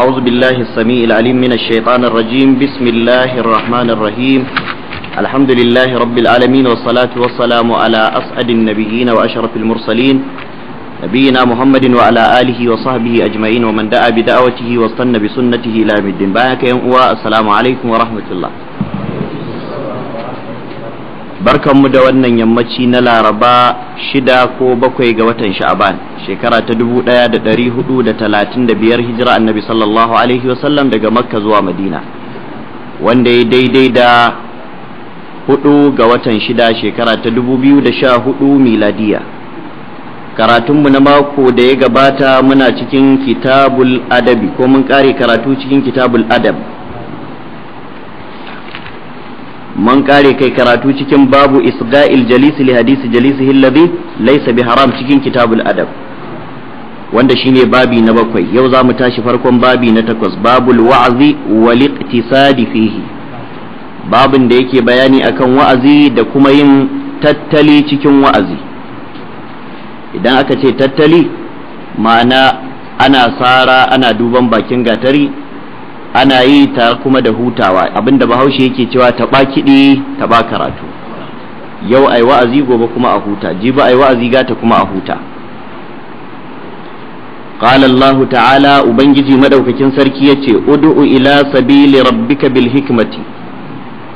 أعوذ بالله السميع العليم من الشيطان الرجيم بسم الله الرحمن الرحيم الحمد لله رب العالمين والصلاة والسلام على أسعد النبيين وأشرف المرسلين نبينا محمد وعلى آله وصحبه أجمعين ومن دعا بدعوته واستنى بسنته إلى يوم الدين السلام عليكم ورحمة الله barkanmu da wannan yammaci na laraba shida ko bakwai ga watan sha'aban shekara ta dubu ɗaya da ɗari hudu da talatin da biyar hijira annabi sallallahu alaihi wasallam daga makka zuwa madina wanda ya daidai da hudu ga watan shida shekara ta dubu biyu da sha hudu miladiya karatunmu na mako da ya gabata muna cikin kitabul adabi ko mun kare karatu cikin kitabul adab mun kare kai karatu cikin babu isga'il jalisi li hadisi jalisihi alladhi laysa bi haram cikin kitabul adab wanda shine babi na bakwai yau za mu tashi farkon babi na takwas babul wa'azi wal iqtisadi fihi babin da yake bayani akan wa'azi da kuma yin tattali cikin wa'azi idan aka ce tattali ma'ana ana sara ana duban bakin gatari ana yi ta kuma da hutawa abinda bahaushe yake cewa taɓa kiɗi ba karatu yau ai wa'azi gobe kuma a huta jibi ai wa'azi gata kuma a huta قال الله ta'ala ubangiji madaukakin sarki yace ud'u ila sabili rabbika bil hikmati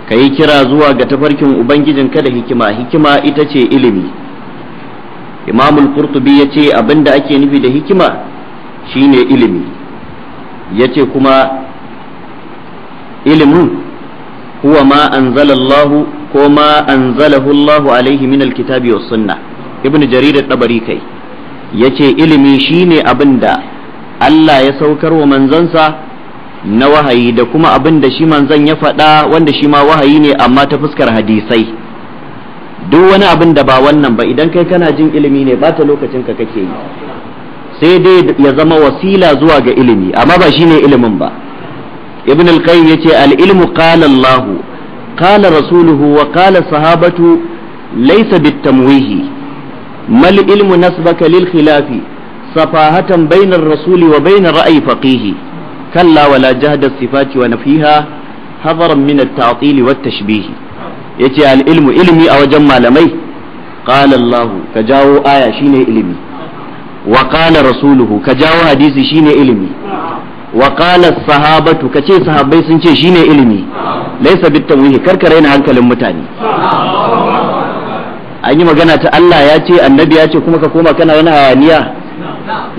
kayi kira zuwa ga tafarkin Ubangijin ka da hikima hikima ita ce ilimi imam al-qurtubi yace abinda ake nufi da hikima shine ilimi yace kuma ilimin huwa ma anzalallahu ko ma anzalahu Allahu alaihi min alkitabi was sunna ibnu jarir at-tabari kai yace ilimi shine abinda Allah ya saukar wa manzansa na wahayi da kuma abinda shi manzan ya faɗa wanda shi ma wahayi ne amma ta fuskar hadisai duk wani abin da ba wannan ba idan kai kana jin ilimi ne ba ta lokacin ka kake yi sai dai ya zama wasila zuwa ga ilimi amma ba shine ilimin ba ابن القيم يتي العلم قال الله قال رسوله وقال صحابته ليس بالتمويه ما العلم نسبك للخلاف صفاهة بين الرسول وبين رأي فقيه كلا ولا جهد الصفات ونفيها حذرا من التعطيل والتشبيه يتي العلم علمي او جمع لمي قال الله كجاو آية شيني علمي وقال رسوله كجاو حديث شيني علمي wa qala sahabatu kace sahabai sun ce ne ilimi laysa bitawhi karkare na hankalin mutane an yi magana ta Allah ya ce annabi ya ce kuma ka koma kana wani hayaniya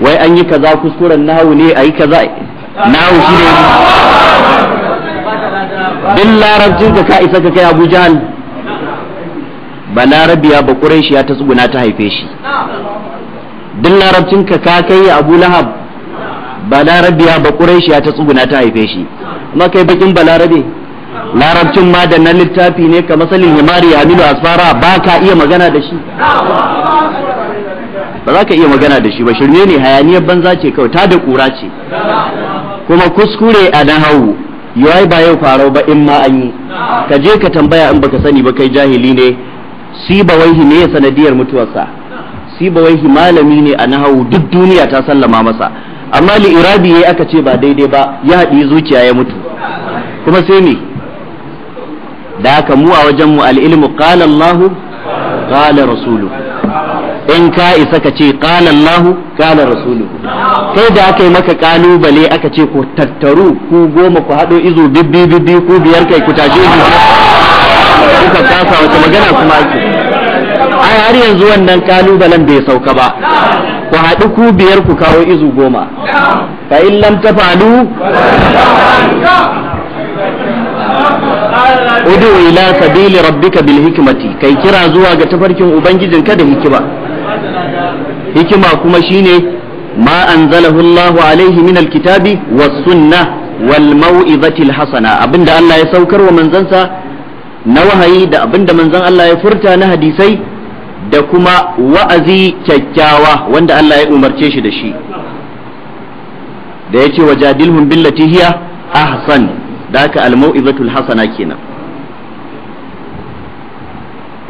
wai an yi kaza kuskuren nahu ne ayi kaza nahu shine bin larabcin ka ka isa ka kai Abu Jahal balarabiya ba ya ta tsuguna ta haife shi bin larabcin ka ka kai Abu Lahab balarabiya ba ƙuraishiya ta tsuguna ta haife shi amma kai bakin balarabe larabcin ma da na littafi ne ka masalin himari Aminu asfara ba ka iya magana da shi ba za ka iya magana da shi ba shirme ne hayaniyar banza ce kawai ta da ƙura ce kuma kuskure a nahawu yawai ba yau faro ba in ma an yi ka je ka tambaya in baka sani ba kai jahili ne si ba wai ne sanadiyar mutuwarsa si ba wai malami ne a nahawu duk duniya ta sallama masa amma li iradi yayi aka ce ba daidai ba ya haɗi zuciya ya mutu kuma sai me da aka mu a wajen mu al-ilmu qala Allah qala rasulu in ka isa ka ce qala Allah qala rasulu kai da aka yi maka kalubale aka ce ku tattaru ku goma ku haɗo izo bibbi bibbi ku biyar kai ku taje kuka kasa wata magana kuma ake ai har yanzu wannan kalubalen bai sauka ba ku haɗu ku biyar ku kawo izu goma fa in lam tafalu udu ila sabili rabbika bil hikimati kai kira zuwa ga tafarkin ubangijinka da hikima hikima kuma shine ma anzalahu Allahu alaihi min alkitabi was sunnah wal mau'izati abinda Allah ya saukar wa manzansa na wahayi da abinda manzon Allah ya furta na hadisai da kuma wa'azi kyakkyawa wanda Allah ya umarce shi da shi da yake wajadilhum billati hiya ahsan da haka almau'izatul hasana kenan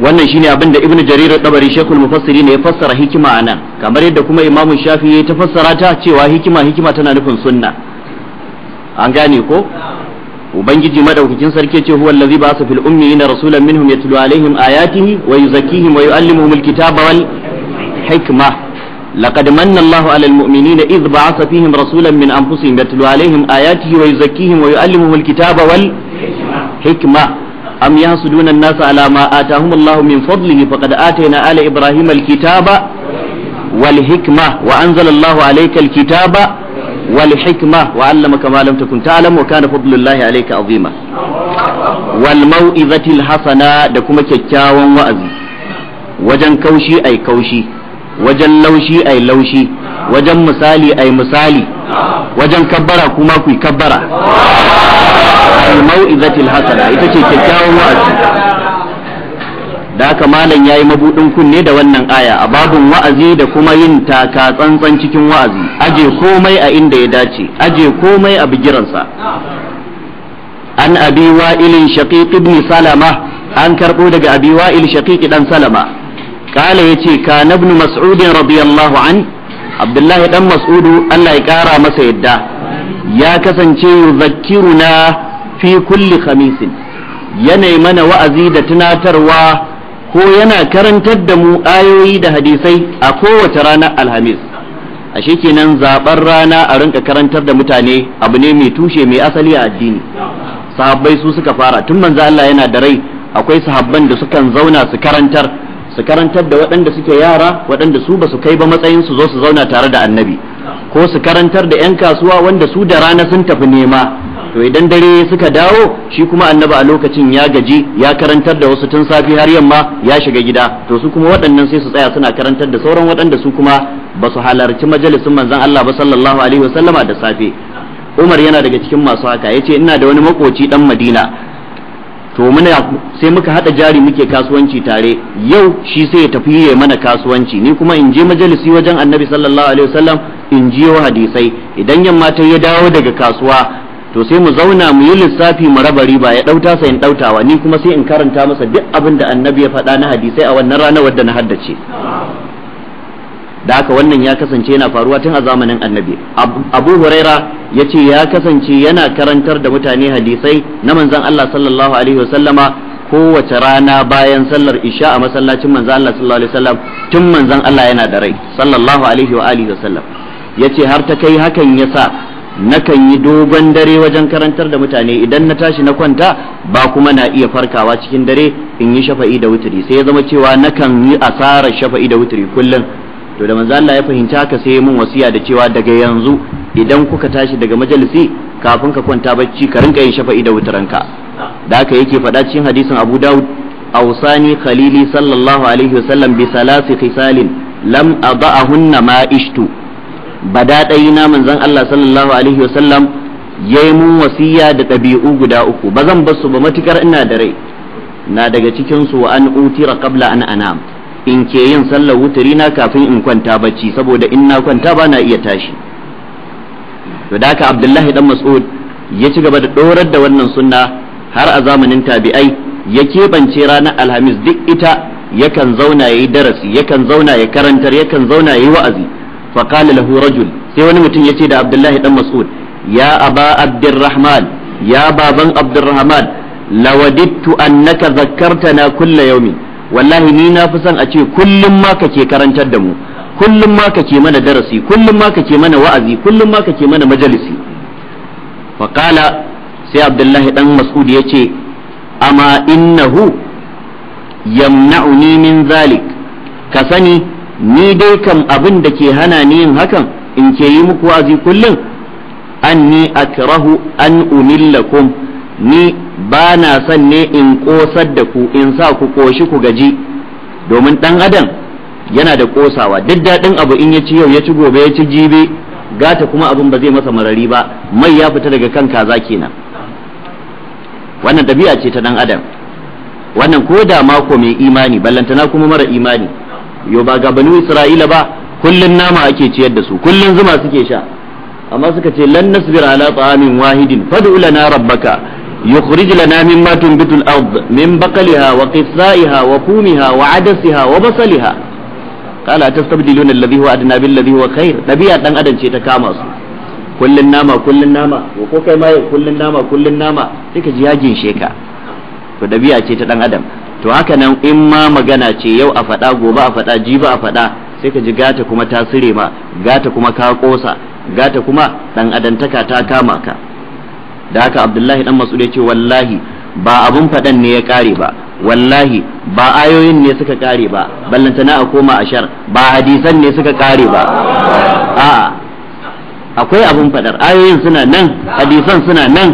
wannan shine abin da ibnu jarir dabari shekul mufassiri ne ya fassara hikima a nan kamar yadda kuma imamu shafi ya ta fassara ta cewa hikima hikima tana nufin sunna an gane ko ubangiji madaukakin sarki ce huwa allazi ba'atha fil ummiyina rasulan minhum yatlu alaihim ayatihi wa yuzakkihim wa yuallimuhum alkitaba wal hikma laqad manna allahu alal mu'minina idh ba'atha fihim rasulan min anfusihim yatlu alaihim ayatihi wa yuzakkihim wa yuallimuhum alkitaba wal hikma أم يحسدون الناس على ما آتاهم الله من فضله فقد آتينا آل إبراهيم الكتاب والحكمة وأنزل الله عليك الكتاب والحكمة وعلمك ما لم تكن تعلم وكان فضل الله عليك عظيما والموئذة الحسنة دكما كيكاوا وأزي وجن كوشي أي كوشي وجن لوشي أي لوشي وجن مسالي أي مسالي وجن كبرة كما كي كبرة الموئذة الحسنة إتكي كيكاوا وأزي da haka malam yayi mabudin kunne da wannan aya a babun wa'azi da kuma yin taka tsantsan cikin wa'azi aje komai a inda ya dace aje komai a bigiransa an abi wa'il shaqiq ibn salama an karbo daga abi wa'il shaqiq dan salama kala yace kana ibn mas'ud radiyallahu an abdullahi dan mas'udu Allah ya kara masa yadda ya kasance yuzakkiruna fi kulli khamisin yanayi mana wa'azi da tunatarwa ko yana karantar da mu ayoyi da hadisai a kowace ranar alhamis ashe kenan zaɓar rana a rinka karantar da mutane abu ne mai tushe mai asali a addini sahabbai su suka fara tun manzo Allah yana da rai akwai sahabban da sukan zauna su karantar su karantar da waɗanda suke yara waɗanda su ba su kai ba matsayin su zo su zauna tare da annabi ko su karantar da 'yan kasuwa wanda su da rana sun tafi nema to idan dare suka dawo shi kuma annabi a lokacin ya gaji ya karantar da wasu tun safi har yamma ya shiga gida to su kuma waɗannan sai su tsaya suna karantar da sauran waɗanda su kuma ba su halarci majalisin manzon Allah ba sallallahu alaihi wasallama da safe Umar yana daga cikin masu haka yace ina da wani makoci dan Madina to muna sai muka hada jari muke kasuwanci tare yau shi sai ya tafi yayi mana kasuwanci ni kuma in je majalisi wajen Annabi sallallahu alaihi wasallam in jiyo hadisai idan yamma ta ya dawo daga kasuwa to sai mu zauna mu yi lissafi mu raba riba ya dauta sai in dautawa ni kuma sai in karanta masa duk abin da annabi ya faɗa na hadisai a wannan rana wadda na haddace da haka wannan ya kasance yana faruwa tun a zamanin annabi abu huraira ya ce ya kasance yana karantar da mutane hadisai na manzan allah sallallahu alaihi wasallama kowace rana bayan sallar isha a masallacin manzan allah sallallahu alaihi wasallam tun manzan allah yana da rai sallallahu alaihi wa alihi wasallam ya ce har ta kai hakan ya sa nakan yi dogon dare wajen karantar da mutane idan na tashi na kwanta ba kuma na iya farkawa cikin dare in yi shafa'i da wuturi sai ya zama cewa nakan yi asarar shafa'i da wuturi kullum to da manzo Allah ya fahimta ka sai mun wasiya da cewa daga yanzu idan kuka tashi daga majalisi kafin ka kwanta bacci ka rinka yin shafa'i da wuturanka da haka yake faɗa cikin hadisin Abu Dawud awsani khalili sallallahu alaihi wasallam bi salasi khisalin lam adahunna ma ishtu bada ɗayi na manzon Allah sallallahu alaihi wasallam ya yi mun wasiya da ɗabi'u guda uku ba zan basu ba matukar ina da rai na daga cikin su an utira qabla an anam in ke yin sallar wutari na kafin in kwanta bacci saboda in na kwanta ba na iya tashi to da Abdullahi dan Mas'ud ya ci gaba da dorar da wannan sunna har a zamanin tabi'ai ya keɓance ranar alhamis duk ita yakan zauna yayi darasi yakan zauna ya karantar yakan zauna ya yi wa'azi فقال له sai wani mutum ya ce da abdullahi dan mas'ud ya aba abdurrahman ya baban abdurrahman lawadittu annaka na kulla yaumi wallahi ni na fi son a ce kullum ma kake karantar da mu kullum ma kake mana darasi kullum ma kake mana wa'azi kullum ma kake mana majalisi faqala sai abdullahi dan mas'ud ya ce amma innahu yamna'uni min zalik ka sani ni dai kam abin da ke hana ni yin hakan in ke yi muku wazi kullum anni akrahu an umillakum ni ba na son ne in kosar da ku in sa ku koshi ku gaji domin ɗan adam yana da kosawa duk daɗin abu in ya ci yau ya ci gobe ya ci jibe gata kuma abin ba zai masa marari ba mai ya fita daga kan kaza kenan wannan ɗabi'a ce ta ɗan adam wannan ko da mako mai imani ballantana kuma mara imani yo ba ga banu isra'ila ba kullun nama ake ciyar da su kullun zuma suke sha amma suka ce lan nasbir ala ta'amin wahidin fad'u lana rabbaka yukhrij lana mimma tunbitu al-ard min baqliha wa qithaiha wa kumiha wa adasiha wa basaliha qala tastabdiluna alladhi huwa adna billadhi huwa khair dabi'a dan adam ce ta kama su kullun nama kullun nama ko kai ma kullun nama kullun nama sai ka ji yajin sheka to dabiya ce ta dan adam to haka nan in ma magana ce yau a faɗa gobe a faɗa jibi a faɗa sai ka ji gata kuma ta sire ma gata kuma ka kosa gata kuma dan adantaka ta kama ka da haka abdullahi dan mas'ud ya ce wallahi ba abun faɗan ne ya kare ba wallahi ba ayoyin ne suka kare ba ballantana a koma a shar ba hadisan ne suka kare ba a'a akwai abun faɗar ayoyin suna nan hadisan suna nan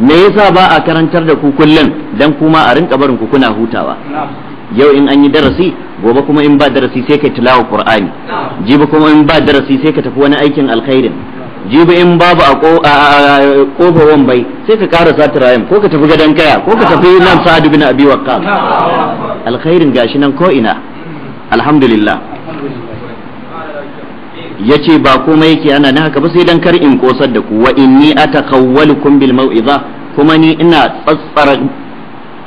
me yasa ba a karantar da ku kullum dan kuma a rinka barin ku kuna hutawa yau in an yi darasi gobe kuma in ba darasi sai ka tilawa qur'ani jibi kuma in ba darasi sai ka tafi wani aikin alkhairin jibi in babu a kofa wambai sai ka ƙara satirayen ko ka tafi gadon kaya ko ka tafi nan sa'adu bin abi waqqas alkhairin gashi nan ko ina alhamdulillah ya ce ba komai yake ana na haka ba sai dan kar in kosar da ku wa inni atakawwalukum bil mau'iza kuma ni ina tsatsar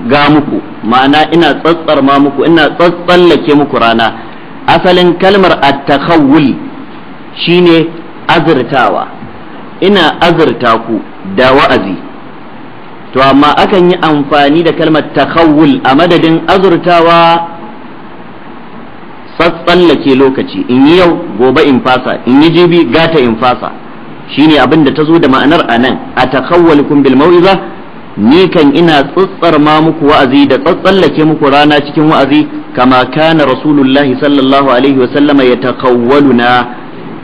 ga muku ma'ana ina tsatsar ma muku ina tsatsallake muku rana asalin kalmar at shine azurtawa ina azurta ku da wa'azi to amma akan yi amfani da kalmar takhawul a madadin azurtawa tsatsallake lokaci in yi yau gobe in fasa in yi jibi gata in fasa shine abin da ta zo da ma'anar a nan a takawwalukum bil mau'iza ni kan ina tsatsar ma muku wa'azi da tsatsallake muku rana cikin wa'azi kama kana rasulullahi sallallahu alaihi wa sallama ya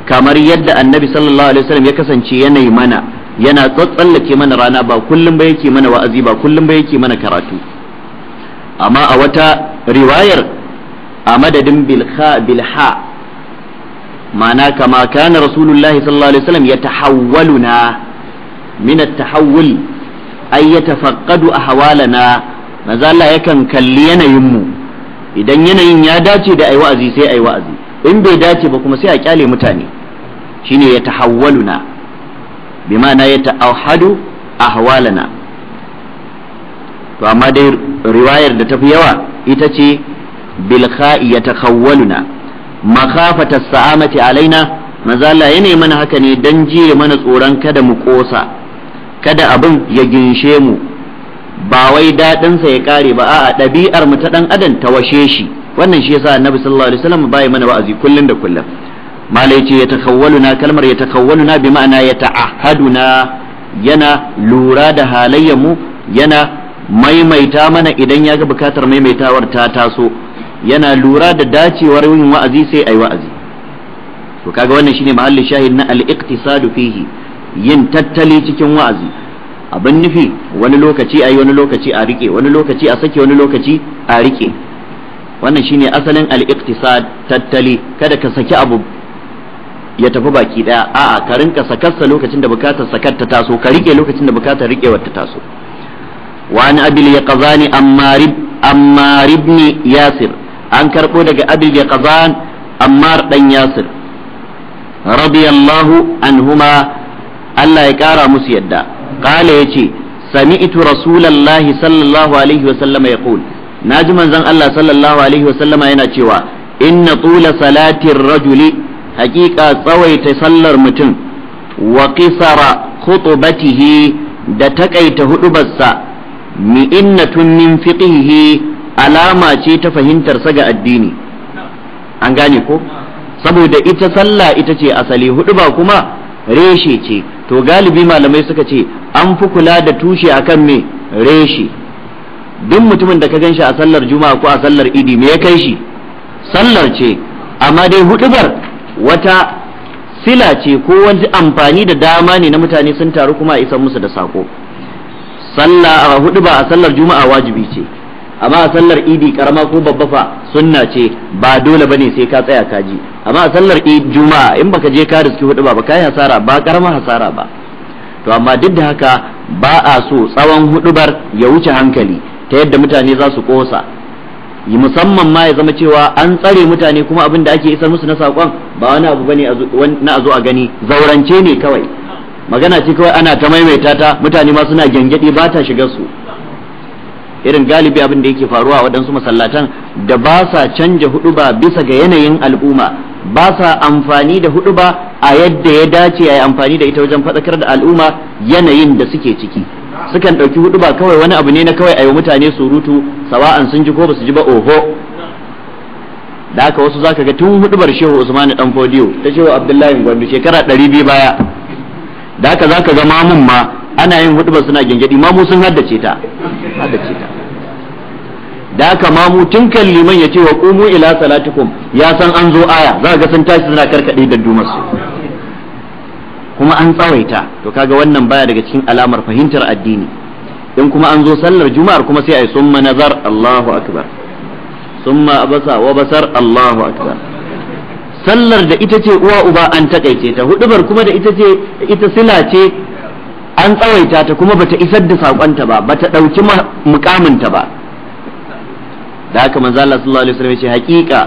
kamar yadda annabi sallallahu alaihi wasallam ya kasance yanayi mana yana tsatsallake mana rana ba kullum ba yake mana wa'azi ba kullum ba yake mana karatu amma a wata riwayar a madadin bilha ma'ana kama kana rasulullahi sallallahu alaihi wasallam tahawwaluna min at-tahawul ay yatafaqqadu ahwalana manzo Allah yakan kalli yanayin mu idan yanayin ya dace da ai wa'azi sai ai wa'azi in bai dace ba kuma sai a kyale mutane shine ya tahawwaluna bi ma'ana yata'ahadu ahwalana to amma dai riwayar da tafi yawa ita ce bilkha'i ya takawwaluna makafata sa'amati alaina mazala Allah ya nemi mana haka ne dan jiye mana tsoron kada mu kosa kada abin ya ginshe mu ba wai dadin sa ya kare ba a'a ɗabi'ar mu ta dan adam ta washe shi wannan shi yasa annabi sallallahu alaihi wasallam bai mana wa'azi kullun da kullun malai ce ya takawwaluna kalmar ya takawwaluna bi ma'ana ya ta'ahaduna yana lura da halayyar mu yana maimaita mana idan ya ga bukatar maimaitawar ta taso yana lura da dacewar yin wa'azi sai ai wa'azi to kaga wannan shine mahalli shahid na al-iqtisadu fihi yin tattali cikin wa'azi abin nufi wani lokaci ayi wani lokaci a rike wani lokaci a sake wani lokaci a rike wannan shine asalin al-iqtisad tattali kada ka saki abu ya tafi baki daya a'a ka rinka sakarsa lokacin da bukatar sakar ta taso ka rike lokacin da bukatar rikewar ta taso wa an abil yaqzani ammar ammar ibn yasir an karɓo daga abi bi qazan ammar dan yasir radiyallahu anhuma Allah ya kara musu yadda qala yace sami'tu rasulallahi sallallahu alaihi wa sallama na naji manzon Allah sallallahu alaihi wa sallama yana cewa inna tula salatin rajuli haƙiƙa tsawaita sallar mutum wa qisara khutubatihi da takaita hudubarsa mi'innatun min fiqihi alama ce ta fahimtar sa ga addini an gane ko saboda ita sallah ita ce asali hudu ba kuma reshe ce to galibi malamai suka ce an fi kula da tushe akan me reshe duk mutumin da ka gan shi a sallar juma'a ko a sallar idi me ya kai shi sallar ce amma dai hudubar wata sila ce ko wani amfani da dama ne na mutane sun taru kuma a isan musu da sako sallah a hudu ba a sallar juma'a wajibi ce amma a sallar idi karama ko babba fa sunna ce ba dole bane sai ka tsaya ka ji amma a sallar idi juma'a in baka je ka riski hudu ba ba kai hasara ba karama hasara ba to amma duk da haka ba a so tsawon hudubar ya wuce hankali ta yadda mutane za su kosa musamman ma ya zama cewa an tsare mutane kuma abin da ake isar musu na sakon ba wani abu bane na a zo a gani zaurance ne kawai magana ce kawai ana ta maimaita ta mutane ma suna gyangyaɗe ba ta shigar su irin galibi abin da yake faruwa a waɗansu masallatan da ba sa canja ba bisa ga yanayin al'umma ba sa amfani da ba a yadda ya dace a yi amfani da ita wajen faɗakar da al'umma yanayin da suke ciki sukan ɗauki ba kawai wani abu ne na kawai a yi mutane surutu sawa'an sun ji ko ba su ji ba oho da haka wasu zaka ga tun hudubar shehu usman dan fodiyo ta shehu abdullahi gwandu shekara 200 baya da haka zaka ga mamun ma ana yin hudubar suna gengedi mamu sun haddace ta haddace ta da aka mamu tun kan liman ya ce wa kumu ila salatikum ya san an zo aya za ga sun tashi suna karkade da su kuma an tsawaita to kaga wannan baya daga cikin alamar fahimtar addini in kuma an zo sallar juma'ar kuma sai yi summa nazar Allahu akbar summa abasa wa basar Allahu akbar sallar da ita ce uwa uba an takaice ta hudubar kuma da ita ce ita sila ce an tsawaita ta kuma bata isar da sakonta ba bata dauki mukamin ta ba da haka manzo Allah sallallahu alaihi wasallam ya ce haƙiƙa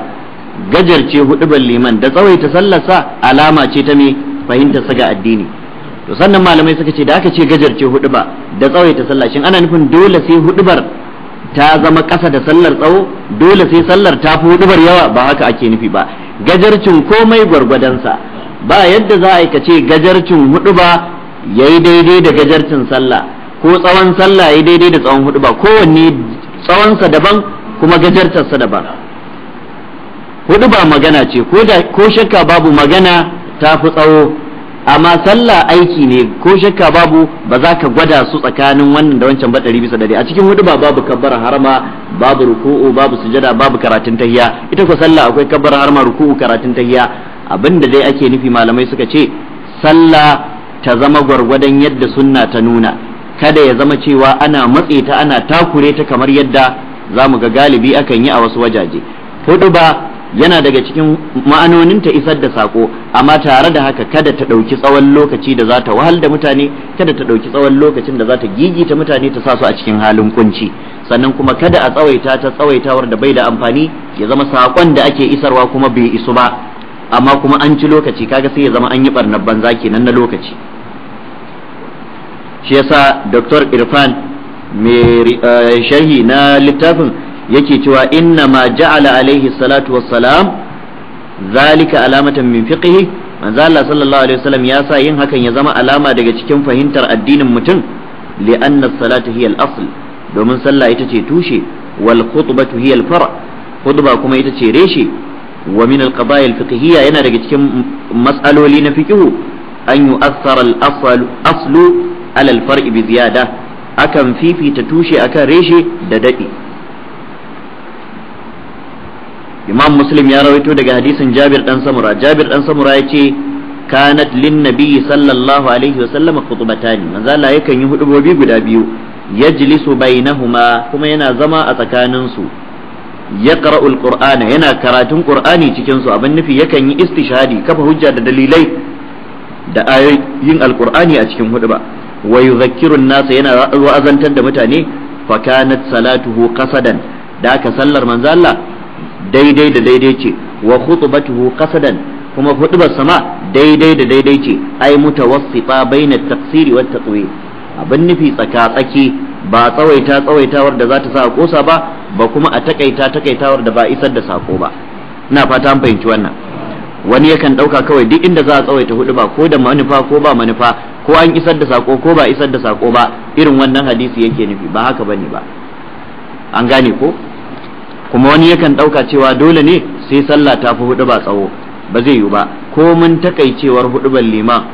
gajarce hudubar liman da tsawaita sallarsa alama ce ta me fahimtar saga addini to sannan malamai suka ce da aka ce gajarce huduba da tsawaita sallah shin ana nufin dole sai hudubar ta zama kasa da sallar tsawo dole sai sallar ta fi hudubar yawa ba haka ake nufi ba gajarcin komai gwargwadansa ba yadda za a yi kace gajarcin huɗuba ya yi daidai da gajarcin sallah ko tsawon sallah ya yi daidai da tsawon huduba kowanne tsawonsa daban kuma gajartarsa daban hudu ba magana ce ko shakka babu magana ta fi tsawo amma sallah aiki ne ko shakka babu ba za ka gwada su tsakanin wannan da wancan ba ɗari bisa ɗari a cikin hudu ba babu kabbar harama babu ruku'u babu sujada babu karatun tahiya ita ko sallah akwai kabbar harama ruku'u karatun tahiya abinda dai ake nufi malamai suka ce sallah ta zama gwargwadon yadda sunna ta nuna kada ya zama cewa ana matse ta ana takure ta kamar yadda za mu ga galibi akan yi a wasu wajaje hudu ba yana daga cikin ma'anonin ta isar da sako amma tare da haka kada ta ɗauki tsawon lokaci da za ta wahal da mutane kada ta ɗauki tsawon lokacin da za ta gigita mutane ta sa su a cikin halin kunci sannan kuma kada a tsawaita ta tsawaitawar da bai da amfani ya zama sakon da ake isarwa kuma bai isu ba amma kuma an ci lokaci kaga sai ya zama an yi barnar banza kenan na lokaci shi yasa dr irfan mai eh, sharhi na littafin yake cewa inna ma ja'ala alaihi salatu wassalam zalika alamatan min fiqhi manzo Allah sallallahu alaihi wasallam ya sa yin hakan ya zama alama daga cikin fahimtar addinin mutum li anna salatu hiya al-asl domin sallah ita ce tushe wal khutbatu hiya al-far khutba kuma ita ce reshe wa min al-qadaya fiqhiyya yana daga cikin mas'aloli na fiqhu an yu'assara al-aslu ala al-far'i bi ziyada akan fifita tushe akan reshe da daɗi imam muslim ya rawaito daga hadisin jabir dan samura jabir dan samura ya ce kanat lin nabiyyi sallallahu alaihi wa sallam khutbatani manzo Allah yakan yi hudubobi guda biyu yajlisu bainahuma kuma yana zama a tsakanin su yaqra'ul qur'ana yana karatun qur'ani cikin su abin nufi yakan yi istishadi kafa hujja da dalilai da ayoyin alqur'ani a cikin huduba wa yuzakkiru nasa yana wa'azantar da mutane fa kanat salatuhu qasadan da aka sallar manzo Allah daidai da daidai ce wa khutbatuhu qasadan kuma khutbar sama daidai da daidai ce ai mutawassita baina taqsiri wa taqwi abin nufi tsaka tsaki ba tsawaita tsawaitawar da za ta sa kosa ba ba kuma a takaita takaitawar da ba isar da sako ba ina fata an fahimci wannan wani yakan ɗauka kawai duk inda za a tsawaita hudu ba ko da manufa ko ba manufa ko an isar da sako ko ba isar da sako ba irin wannan hadisi yake nufi ba haka bane ba an gane ko kuma wani yakan ɗauka cewa dole ne sai sallah ta fi hudu ba tsawo ba zai yiwu ba ko mun takaicewar hudubar liman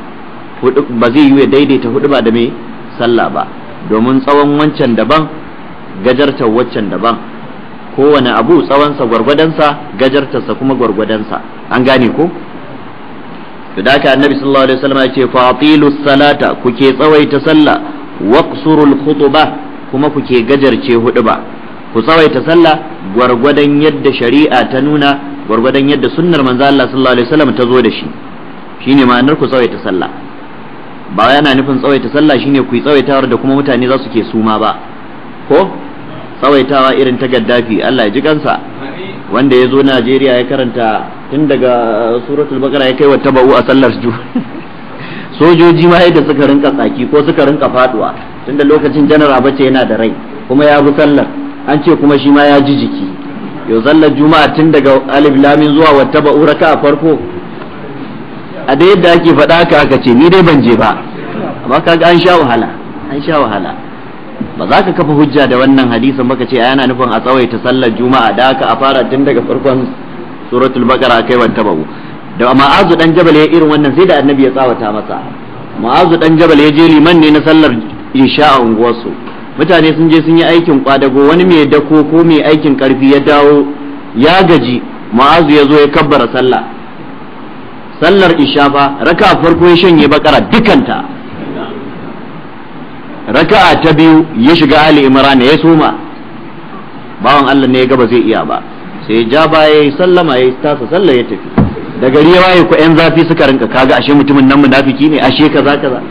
ba zai yiwu ya daidaita hudu ba da mai sallah ba domin tsawon wancan daban gajartar waccan daban kowane abu tsawonsa gwargwadonsa gajartarsa kuma gwargwadonsa an gane ko to da ka annabi sallallahu alaihi wasallam ya ce fatilu salata kuke tsawaita sallah waqsurul khutba kuma kuke gajarce ba, ku tsawaita sallah gwargwadon yadda shari'a ta nuna gwargwadon yadda sunnar manzo Allah sallallahu alaihi wasallam ta zo da shi shine ma'anar ku tsawaita sallah ba yana nufin tsawaita sallah shine ku tsawaitawar da kuma mutane za su ke suma ba ko tsawaitawa irin ta gaddafi Allah ya ji kansa wanda ya zo Najeriya ya karanta tun daga uh, suratul bakara ya kai wa taba'u a sallar ju sojoji ma yadda suka rinka tsaki ko suka rinka faduwa tunda lokacin janar abace yana da rai kuma ya bi sallar an ce kuma shi ma ya ji jiki yau sallar juma'a tun daga alif lamin zuwa wa taba'u raka a farko a da yadda ake faɗa ka aka ce ni dai ban je ba amma kaga an sha wahala an sha wahala ba za ka kafa hujja da wannan hadisin baka ce yana nufin a tsawaita sallar juma'a da aka a fara tun daga farkon suratul baqara kai wanta babu da ma'azu dan jabal ya irin wannan sai da annabi ya tsawata masa ma'azu dan jabal ya je liman ne na sallar isha a unguwarsu mutane sun je sun yi aikin kwadago wani mai dako ko mai aikin karfi ya dawo ya gaji ma'azu ya zo ya kabbara sallah sallar isha fa raka farko ya shanye bakara dukanta raka'a ta biyu ya shiga ali imran ya suma bawan Allah ne ya gaba zai iya ba sai ja baya ya sallama ya tasa sallah ya tafi da gari ya waye ku yan zafi suka rinka kaga ashe mutumin nan munafiki ne ashe kaza kaza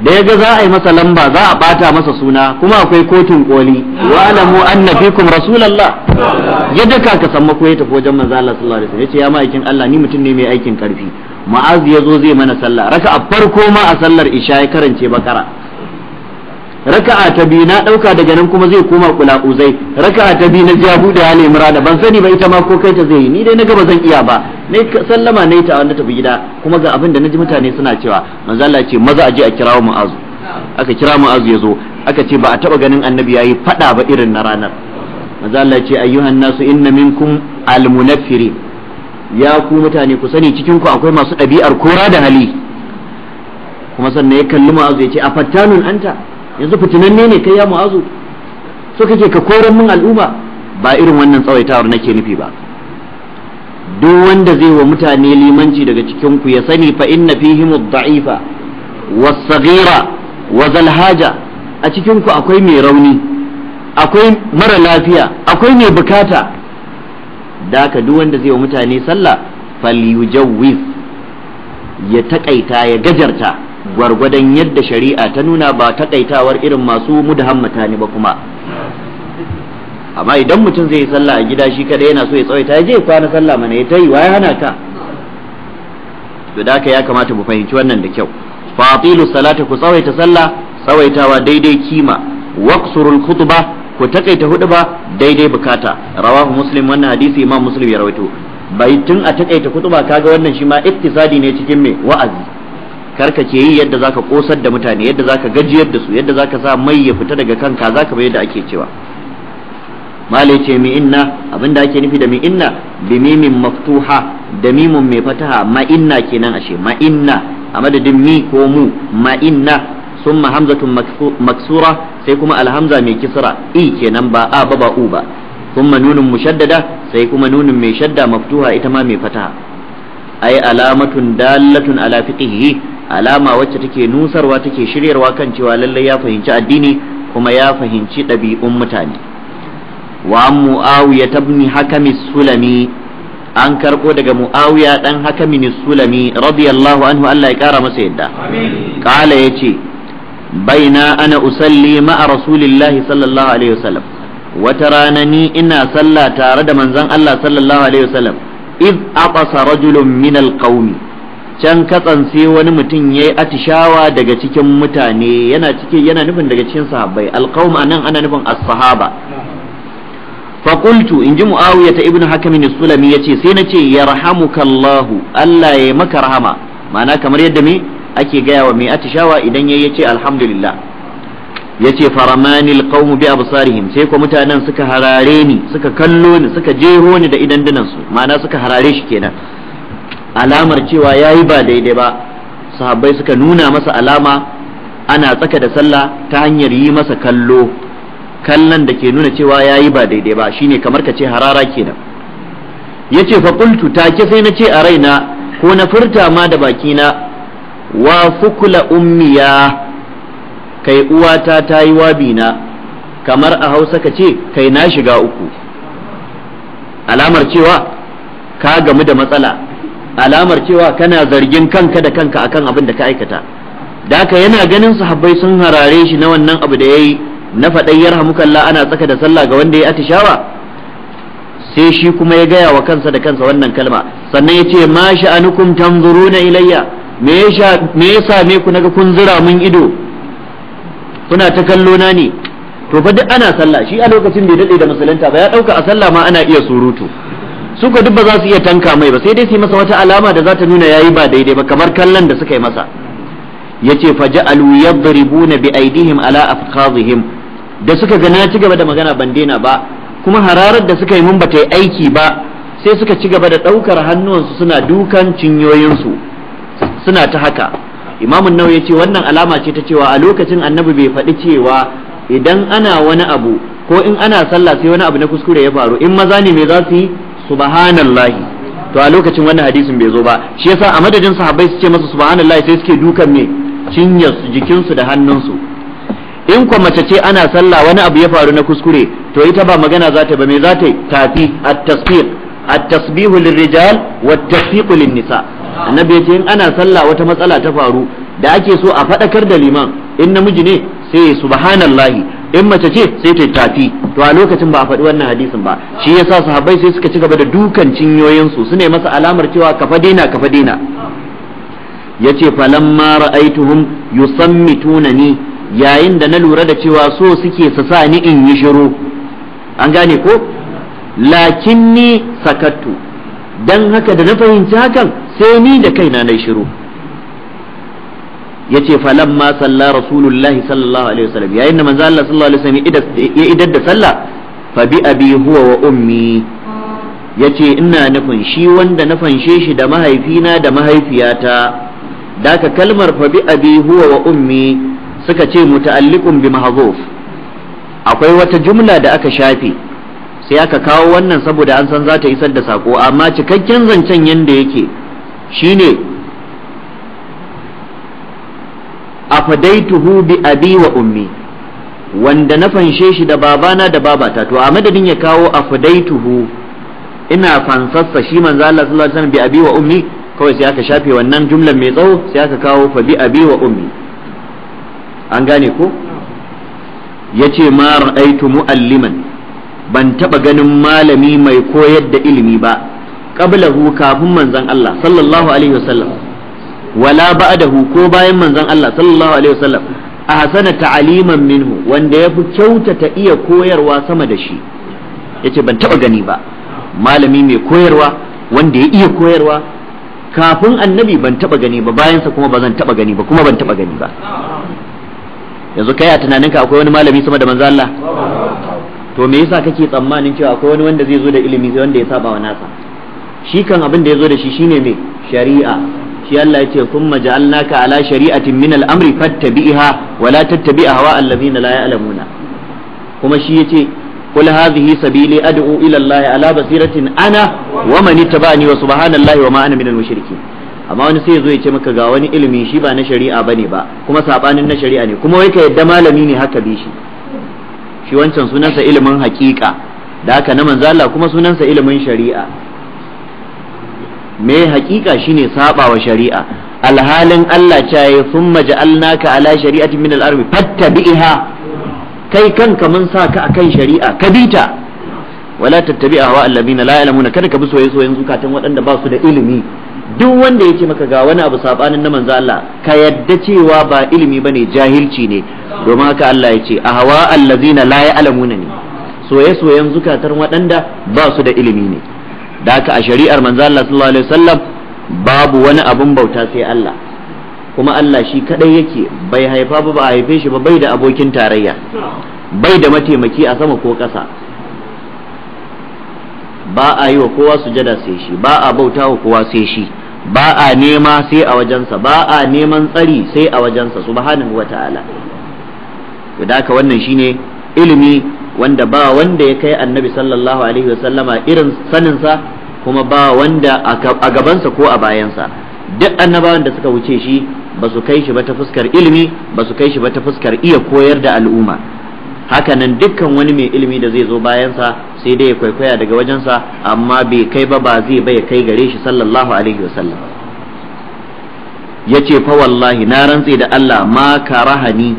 da ya ga za a yi masa lamba za a bata masa suna kuma akwai kotun koli wa alamu anna fikum rasulullah yadda kaka ka san makoye tafi wajen manzo Allah sallallahu alaihi wasallam yace ya ma'aikin Allah ni mutum ne mai aikin karfi ma'az ya zo zai mana sallah Raka'a farko ma a sallar isha ya karance bakara raka'a ta biyu na dauka daga nan kuma zai koma kula uzai raka'a ta biyu na ja bude ya nemi rada ban sani ba ita ma ko kai ta zai yi ni dai na gaba zan iya ba ne sallama ne ta wanda tafi gida kuma ga abin da naji mutane suna cewa manzo Allah ce maza aje a kira mu azu aka kira mu'azu ya zo aka ce ba a taba ganin annabi yayi fada ba irin na ranar manzo Allah ce ayyuhan nasu inna minkum almunaffirin ya ku mutane ku sani cikin ku akwai masu ɗabi'ar kora da hali kuma sannan ya kalli azu ya ce a fattanun anta yanzu fitinanne ne kai ya mu'azu so kake ka koran min al'umma ba irin wannan tsawaitawar nake nufi ba duk wanda zai wa mutane limanci daga cikin ku ya sani fa inna fihim ad-da'ifa was-saghira wa zalhaja a cikin ku akwai mai rauni akwai mara lafiya akwai mai bukata da ka duk wanda zai wa mutane sallah falyujawwiz ya takaita ya gajarta gwargwadon yadda shari'a ta nuna ba taƙaitawar irin masu mudhammata ne ba kuma amma idan mutum zai yi sallah a gida shi kada yana so ya tsawaita ya je kwana sallah mana ya tayi ya hana ta to da ya kamata mu fahimci wannan da kyau fatilu salata ku tsawaita sallah tsawaitawa daidai kima waqsurul khutba ku takaita hudba daidai bukata rawahu muslim wannan hadisi imam muslim ya rawaito bai tun a takaita khutba kaga wannan shi ma iktisadi ne cikin me wa'azi karka ke yi yadda zaka kosar da mutane yadda zaka gajiyar da su yadda zaka sa mai ya fita daga kanka zaka bai yadda ake cewa Mali ce mi inna abinda ake nufi da mi inna bi mimin maftuha da mimun mai fataha ma inna kenan ashe ma inna a madadin mi ko mu ma inna summa hamzatun maksura sai kuma alhamza mai kisra i kenan ba a ba ba u ba summa nunun mushaddada sai kuma nunun mai shadda maftuha ita ma mai fataha ay alamatun dallatun ala fiqhihi alama wacce take nusarwa take shiryarwa kan cewa lallai ya fahimci addini kuma ya fahimci ɗabi'un mutane wa mu'awiya tabni hakami sulami an karɓo daga mu'awiya ɗan hakami sulami radiyallahu anhu Allah ya ƙara masa yadda ƙala ya ce baina ana usalli ma'a rasulillahi sallallahu alaihi wasallam wata rana ni ina sallah tare da manzon Allah sallallahu alaihi wasallam iz aqasa rajulun min alqaumi can katsan sai wani mutum ya yi atishawa daga cikin mutane yana ciki yana nufin daga cikin sahabbai alqaum anan ana nufin as-sahaba fa qultu in ji muawiya ta ibnu hakim sulami yace sai nace yarhamukallahu Allah ya maka rahama ma'ana kamar yadda me ake gaya wa mai atishawa idan yayi yace alhamdulillah yace faramani alqaum bi absarihim sai ko mutanen suka harare ni suka kallo ni suka jeho ni da idan dinan su ma'ana suka harare shi kenan alamar cewa ya yi ba daidai ba sahabbai suka nuna masa alama ana tsaka da sallah ta hanyar yi masa kallo kallon da ke nuna cewa ya yi ba daidai ba shine kamar ka ce harara kenan ya ce faƙultu ke, sai na ce a raina ko na furta ma da bakina wa fukula ummiya kai uwata ta yi wabina kamar a hausa ka ce kai na shiga uku alamar cewa ka gamu da matsala alamar cewa kana zargin kanka da kanka akan abin da ka aikata da haka yana ganin sahabbai sun harare shi na wannan abu da yayi na faɗai yarhamukallah ana tsaka da sallah ga wanda ya atishawa sai shi kuma ya gaya wa kansa da kansa wannan kalma sannan ya ce ma sha'anukum tanzuruna ilayya me ya same ku naga kun zira mun ido kuna ta kallo ne to fa duk ana sallah shi a lokacin da ya dade da musulunta ba ya ɗauka a sallah ma ana iya surutu su ko duk ba za su iya tanka mai ba sai dai su yi masa wata alama da za ta nuna ya yi ba daidai ba kamar kallon da suka yi masa ya ce yace faja'alu na bi aidihim ala afkhazihim da suka ga na ci gaba da magana ban daina ba kuma hararar da suka yi mun bata yi aiki ba sai suka ci gaba da ɗaukar hannuwansu suna dukan cinyoyinsu suna ta haka imamun nawawi ce wannan alama ce ta cewa a lokacin annabi bai faɗi cewa idan ana wani abu ko in ana sallah sai wani abu na kuskure ya faru in maza ne me za su yi subhanallahi to a lokacin wannan hadisin bai zo ba shi yasa a madadin sahabbai su ce masa subhanallahi sai suke dukan me cinyarsu jikinsu da hannunsu in kwa mace ce ana sallah wani abu ya faru na kuskure to ita ba magana za ta ba me za ta yi tafi at-tasbih at-tasbihu lirrijal wat lin-nisa annabi ya ce in ana sallah wata matsala ta faru da ake so a faɗakar da liman in namiji ne sai subhanallahi in mace ce sai ta tafi to a lokacin ba a faɗi wannan hadisin ba shi yasa sahabbai sai suka ci gaba da dukan cinyoyin su sune masa alamar cewa kafa daina kafa daina yace falamma ra'aituhum ni? yayin da na lura da cewa so suke su sa ni in yi shiru an gane ko lakinni sakattu dan haka da na fahimci hakan sai ni da kaina na shiru yace falamma salla rasulullahi sallallahu alaihi wasallam yayin da manzo Allah sallallahu alaihi wasallam ya idar da sallah fa bi abi huwa wa ummi yace ina nufin shi wanda na fanshe shi da mahaifina da mahaifiyata daka kalmar fa bi abi huwa wa ummi suka ce muta'alliqun bi mahzuf akwai wata jumla da aka shafe sai aka kawo wannan saboda an san za ta isar da sako amma cikakken zancen yanda yake shine afadaituhu bi abi wa ummi wanda na fanshe shi da babana da babata to a madadin ya kawo afadaituhu ina fansassa shi manzo Allah sallallahu alaihi wasallam bi abi wa ummi kawai sai aka shafe wannan jumlan mai tsawo sai aka kawo fa bi abi wa ummi an gane ko yace ma ra'aitu mualliman ban taba ganin malami mai koyar da ilimi ba qablahu kafin manzon Allah sallallahu alaihi wasallam wala ba'dahu ko bayan manzon Allah sallallahu alaihi wasallam a hasana ta'aliman minhu wanda ya fi kyautata iya koyarwa sama da shi yace ban taba gani ba malami mai koyarwa wanda ya iya koyarwa kafin annabi ban taba gani ba bayansa kuma ba zan taba gani ba kuma ban taba gani ba yanzu kai a tunaninka akwai wani malami sama da manzon Allah to me yasa kake tsammanin cewa akwai wani wanda zai zo da ilimi sai wanda ya saba wa nasa shi kan abin da ya zo da shi shine me shari'a shi Allah yace thumma ja'alnaka ala shari'atin min al-amri fattabi'ha wa la tattabi' hawa allazina la ya'lamuna kuma shi yace sabili هذه سبيلي ala ala basiratin ana بصيرة ta ومن اتبعني وسبحان wa ma ana من المشركين amma wani sai zo ya ce maka ga wani ilimi shi ba na shari'a bane ba kuma sabanin na shari'a ne kuma wai ka yadda malami ne haka bi shi shi wancan sunansa ilimin hakika da haka na manzala kuma sunansa ilimin shari'a me haƙiƙa shine saba wa shari'a alhalin Allah ta yi thumma ja'alnaka ala shari'atin min al-ardi fattabi'ha kai kanka mun sa ka akan shari'a ka bita wala tattabi'a wa alladhina la ya'lamuna kada ka bi soyayya soyayya zukatan waɗanda ba su da ilimi duk wanda ya ce maka ga wani abu sabanin na manzo Allah ka yadda cewa ba ilimi bane jahilci ne domin haka Allah ya ce ahwa alladhina la ya'lamuna ne soyayya soyayya zukatan waɗanda ba su da ilimi ne da haka a shari'ar manzo Allah sallallahu alaihi wasallam babu wani abun bauta sai Allah kuma Allah shi kadai yake bai haifa ba ba a haife shi ba bai da abokin tarayya bai da mataimaki a sama ko ƙasa ba a yi wa kowa sujada sai shi ba a bauta wa kowa sai shi ba a nema sai a wajensa ba a neman tsari sai a wajensa subhanahu wata'ala To da haka wannan shine ilimi wanda ba wanda ya kai annabi sallallahu alaihi wasallama irin saninsa kuma ba wanda a gabansa ko a bayansa duk annabawan da suka wuce shi ba su kai shi ba ta fuskar ilimi ba su kai shi ba ta fuskar iya koyar da al'umma hakanan dukkan wani mai ilimi da zai zo bayansa sai dai ya kwaikwaya daga wajensa amma bai kai ba ba zai bai kai gare shi sallallahu alaihi wasallam ya ce fa wallahi na rantse da Allah ma karahani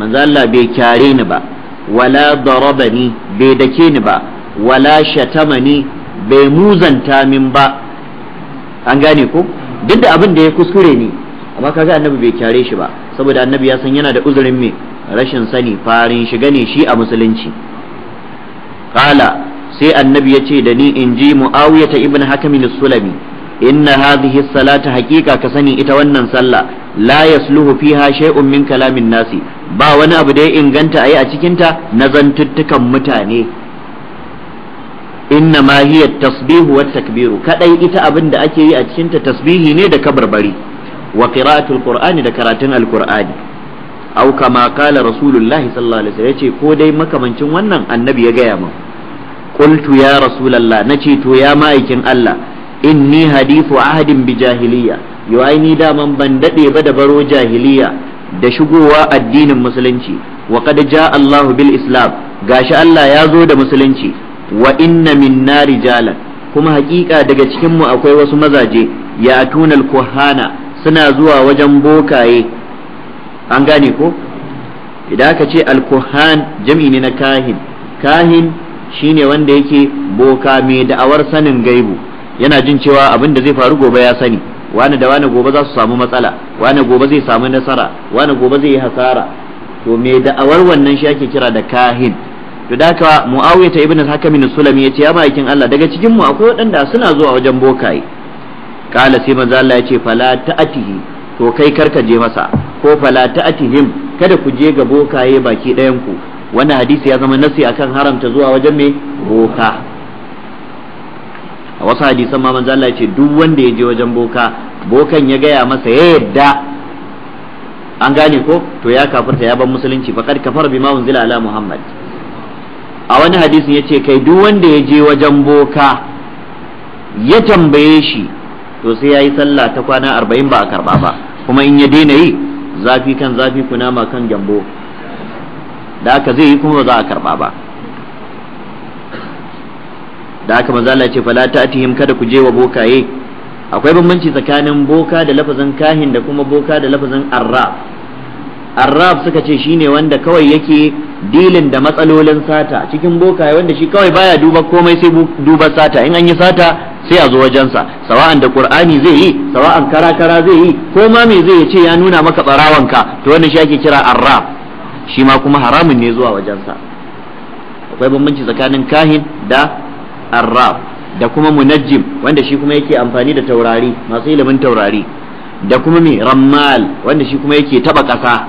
manzo Allah bai kyare ni ba wala darabani bai dake ni ba wala shatamani bai muzanta min ba an gane ko duk da abin da ya kuskure ni amma kaga annabi bai kyare shi ba saboda annabi ya san yana da uzurin me rashin sani farin shiga ne shi a musulunci qala sai annabi ya ce da ni in ji muawiyata ibn sulami inna hadhihi salata haqiqa ka sani ita wannan sallah la yasluhu fiha shay'un min kalamin nasi ba wani abu da ya inganta ayi a cikin ta na zantuttukan mutane inna ma hiya tasbihu wat takbiru kadai ita abin da ake yi a cikin ta tasbihi ne da kabarbari wa qira'atul qur'ani da karatun alqur'ani aw kama qala rasulullahi sallallahu alaihi wasallam yace ko dai makamancin wannan annabi ya gaya min qultu ya rasulullah nace to ya ma'aikin Allah inni hadithu ahadin bi jahiliya yau ai ni daman ban dade ba da baro jahiliya da shigowa addinin musulunci wa qad jaa Allahu bil islam gashi Allah ya zo da musulunci wa inna minna rijalan kuma hakika daga cikin mu akwai wasu mazaje ya tunal kuhana suna zuwa wajen bokaye an gane ko idan aka ce alkuhan jam'i ne na kahin kahin shine wanda yake boka mai da'awar sanin gaibu yana jin cewa abin da zai faru gobe ya sani wani da wani gobe za su samu matsala wani gobe zai samu nasara wani gobe zai yi hasara to me da'awar wannan shi ake kira da kahin to da haka muawiya ta ibnu hakamin sulami yace ya ma'aikin Allah daga cikin mu akwai wadanda suna zuwa wajen bokaye kala sai manzo Allah yace fala ta'atihi to kai karka je masa ko fala ta'atihim kada ku je ga bokaye baki ɗayan ku wannan hadisi ya zama nasi akan haramta zuwa wajen me boka a wasu hadisan ma manzo Allah ya ce duk wanda ya je wajen boka bokan ya gaya masa ya yadda an gane ko to ya kafirta ya ban musulunci fa. faqad kafara bima unzila ala muhammad a wani hadisin ya ce kai duk wanda ya je wajen boka ya tambaye shi to sai ya yi sallah ta kwana arba'in ba a karba ba kuma in ya daina yi zafi kan zafi kunama kan gyambo da aka zai yi kuma ba za a karba ba da aka maza Allah ya ce fala ta'tihim kada ku je wa bokaye akwai bambanci tsakanin boka da lafazin kahin da kuma boka da lafazin arraf arraf suka ce shine wanda kawai yake dilin da matsalolin sata cikin bokaye wanda shi kawai baya duba komai sai duba sata in an yi sata sai a zo wajensa sawa'an da qur'ani zai yi sawa'an kara kara zai yi ko ma me zai ce ya nuna maka tsarawanka to wannan shi ake kira arraf shi ma kuma haramun ne zuwa wajensa akwai bambanci tsakanin kahin da arraf da kuma munajjim wanda shi kuma yake amfani da taurari masu ilimin taurari da kuma mai rammal wanda shi kuma yake taba ƙasa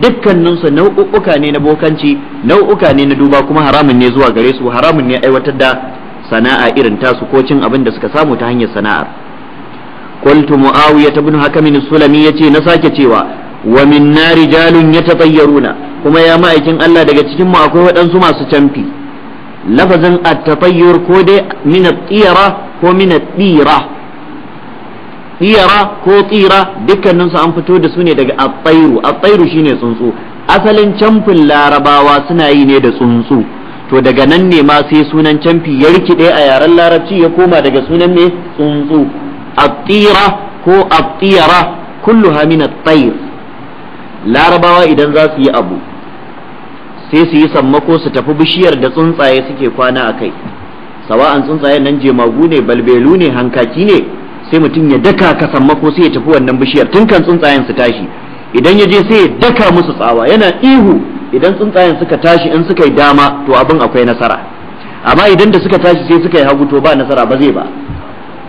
dukkaninsu nau'uka ne na bokanci nau'uka ne na duba kuma haramun ne zuwa gare su haramun ne aiwatar da sana'a irin tasu ko cin abin da suka samu ta hanyar sana'ar qultu muawiya ibn hakim sulami yace na sake cewa wa min nari jalun yatatayyaruna kuma ya ma'aikin Allah daga cikin mu akwai waɗansu masu canfi lafazin at ko dai min at-tira ko min at-tira tira ko tsira dukkanin su an fito da su ne daga at-tayru at-tayru shine tsuntsu asalin camfin larabawa suna yi ne da tsuntsu to daga nan ne ma sai sunan camfi ya rikide a yaren larabci ya koma daga sunan ne tsuntsu at-tira ko at-tira kulluha min at-tayr larabawa idan za su yi abu sai su yi sammako su tafi bishiyar da tsuntsaye suke kwana a kai sawa'an tsuntsaye nan jemagu ne balbelu ne hankaki ne sai mutum ya daka ka sammako sai ya tafi wannan bishiyar tun kan tsuntsayen su tashi idan ya je sai ya daka musu tsawa yana ihu idan tsuntsayen suka tashi in suka yi dama to abin akwai nasara amma idan da suka tashi sai suka yi hagu to ba nasara ba zai ba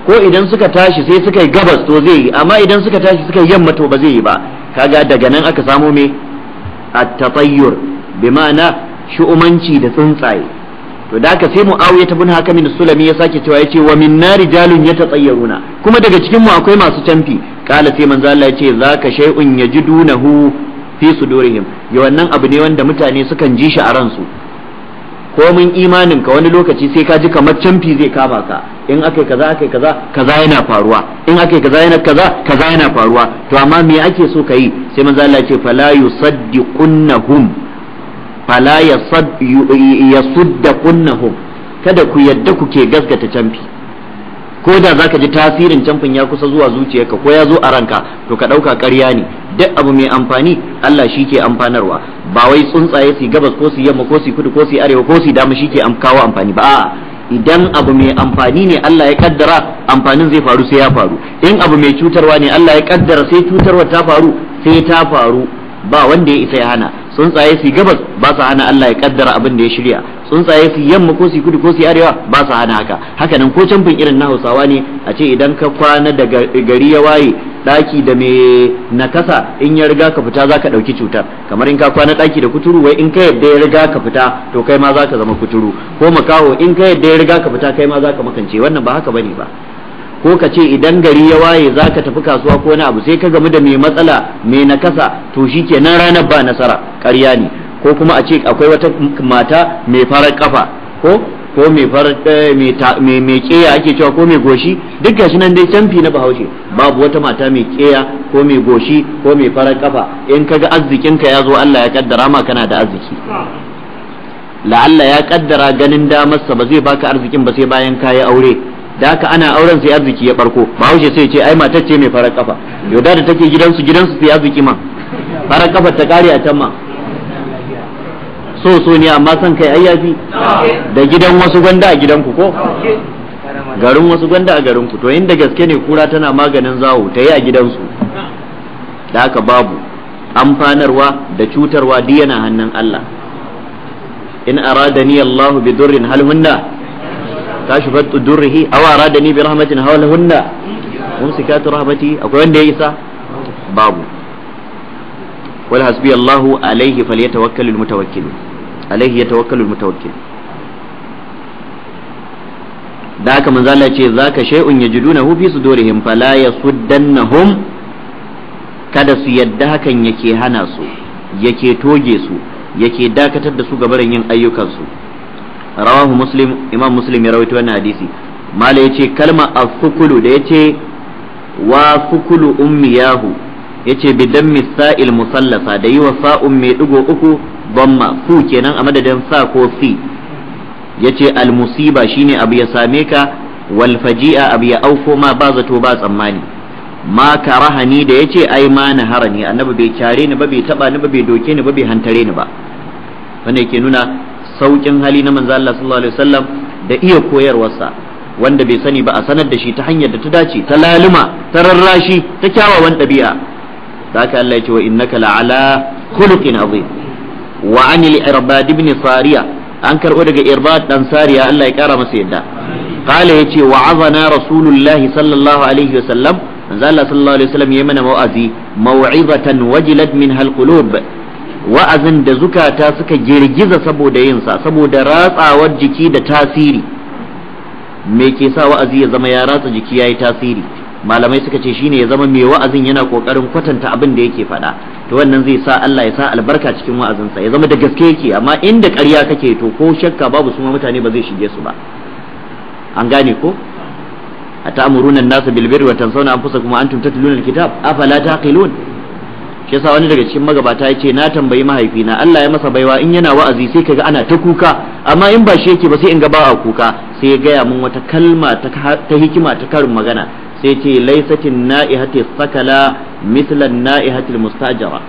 ko idan suka tashi sai suka yi gabas to zai yi amma idan suka tashi suka yi yamma to ba zai yi ba kaga daga nan aka samo me at-tatayyur bi ma'ana shu'umanci da tsuntsaye to da aka sai muawiya haka min sulami ya sake cewa yace wa min nari jalun yatatayyaruna kuma daga cikin mu akwai masu canfi kala sai manzo Allah yace zaka shay'un yajidunahu fi sudurihim ya wannan abu ne wanda mutane sukan ji shi a ransu mun imanin ka wani lokaci sai ka ji kamar canfi zai kama ka in akai kaza akai kaza kaza yana faruwa in akai kaza yana kaza kaza yana faruwa to amma me ake so ka sai manzo Allah yace fala yusaddiqunnahum fala ya kunnahum kada ku yadda kuke gasgata camfi ko da ka ji tasirin camfin ya kusa zuwa zuciyarka ko ya zo a ranka to ka ɗauka ƙarya ne duk abu mai amfani Allah shi ke amfanarwa ba wai tsuntsaye su gabas ko su yamma ko su kudu ko su arewa ko su dama shi ke kawo amfani ba a'a idan abu mai amfani ne Allah ya kaddara amfanin zai faru sai ya faru in abu mai cutarwa ne Allah ya kaddara sai cutarwa ta faru sai ta faru ba wanda ya isa ya hana tsuntsaye su gabas ba sa hana Allah ya kaddara abin da ya shirya tsuntsaye su yamma ko su kudu ko su arewa ba sa hana haka hakanan ko canfin irin na Hausawa ne a ce idan ka kwana da gari ya waye daki da mai nakasa in ya riga ka fita zaka dauki cutar kamar in ka kwana daki da kuturu wai in ka yadda ya riga ka fita to kai ma zaka zama kuturu ko makaho in ka yadda ya riga ka fita kai ma zaka makance wannan ba haka bane ba ko ka ce idan gari ya waye za ka tafi kasuwa ko wani abu sai ka gamu da mai matsala mai nakasa to shi ke nan ranar ba nasara ƙarya ne ko kuma a ce akwai wata mata mai farar kafa ko ko mai farar eh, mai keya ake cewa ko mai goshi duk shi nan dai canfi na bahaushe babu wata mata mai keya ko mai goshi ko mai farar kafa in ka kaga arzikinka ya zo Allah ya kaddara ma kana da arziki la'alla ya kaddara ganin damarsa ba zai baka arzikin ba sai bayan ka yi aure da haka ana auren sai arziki ya barko bahaushe sai ce ai matar ce mai farar kafa yoda da take gidansu gidansu sai arziki ma farar kafar ta kare a can ma so so ne amma san kai ai yafi da gidan wasu gwanda a gidanku ko garin wasu gwanda a garinku to inda gaske ne kura tana maganin zawo ta yi a gidansu da haka babu amfanarwa da cutarwa duk yana hannun Allah in aradani Allah bi durrin hal hunna kashifat durrihi aw aradani bi rahmatin hawlahunna mumsikatu rahmati akwai wanda ya isa babu wal hasbi Allahu alaihi falyatawakkalul mutawakkil alaihi yatawakkalul mutawakkil da haka manzo Allah ce zaka shay'un yajidunahu fi sudurihim fala yasuddannahum kada su yadda hakan yake hana su yake toge su yake dakatar da su gabarin yin ayyukansu rawahu muslim imam muslim ya rawaito wannan hadisi mala yace kalma afukulu da yace wa fukulu ummiyahu yace bi dammi sa'il musallasa da yi wa sa'un mai digo uku bamma fu kenan a madadin sa ko fi yace al musiba shine abu ya same ka wal faji'a abu ya auko ma ba zato ba tsammani ma karahani da yace ai ma na harani annabi bai kyare ni ba bai taba ni ba bai doke ni ba bai hantare ni ba wannan yake nuna saukin hali na manzo Allah sallallahu alaihi wasallam da iya koyarwarsa wanda bai sani ba a sanar da shi ta hanyar da ta dace ta laluma ta rarrashi ta kyawawan ɗabi'a da haka Allah ya ce wa innaka la'ala khuluqin azim wa anil irbad ibn sariya an karbo daga irbad dan sariya Allah ya kara masa yadda qala yace wa azana rasulullahi sallallahu alaihi wasallam manzo Allah sallallahu alaihi wasallam yayi mana mau'azi mau'izatan wajilat minha alqulub wa'azin da zukata suka girgiza saboda yinsa saboda ratsawar jiki da tasiri me ke sa wa'azi ya zama ya ratsa jiki ya yi tasiri malamai suka ce shine ya zama mai wa'azin yana kokarin kwatanta abin da yake faɗa to wannan zai sa Allah ya sa albarka cikin wa'azinsa ya zama da gaske yake amma inda ƙarya kake to ko shakka babu su mutane ba zai shige su ba an gane ko A an-nasa bil birri wa tansawna anfusakum wa antum tatluna al-kitab afala taqilun shi wani daga cikin magabata ya ce na tambayi mahaifina Allah ya masa baiwa in yana wa'azi sai kaga ana ta kuka amma in ba shi yake ba sai in ga ba a kuka sai ya gaya min wata kalma ta hikima ta karin magana sai ce laisatin na'ihati sakala mislan na'ihati mustajara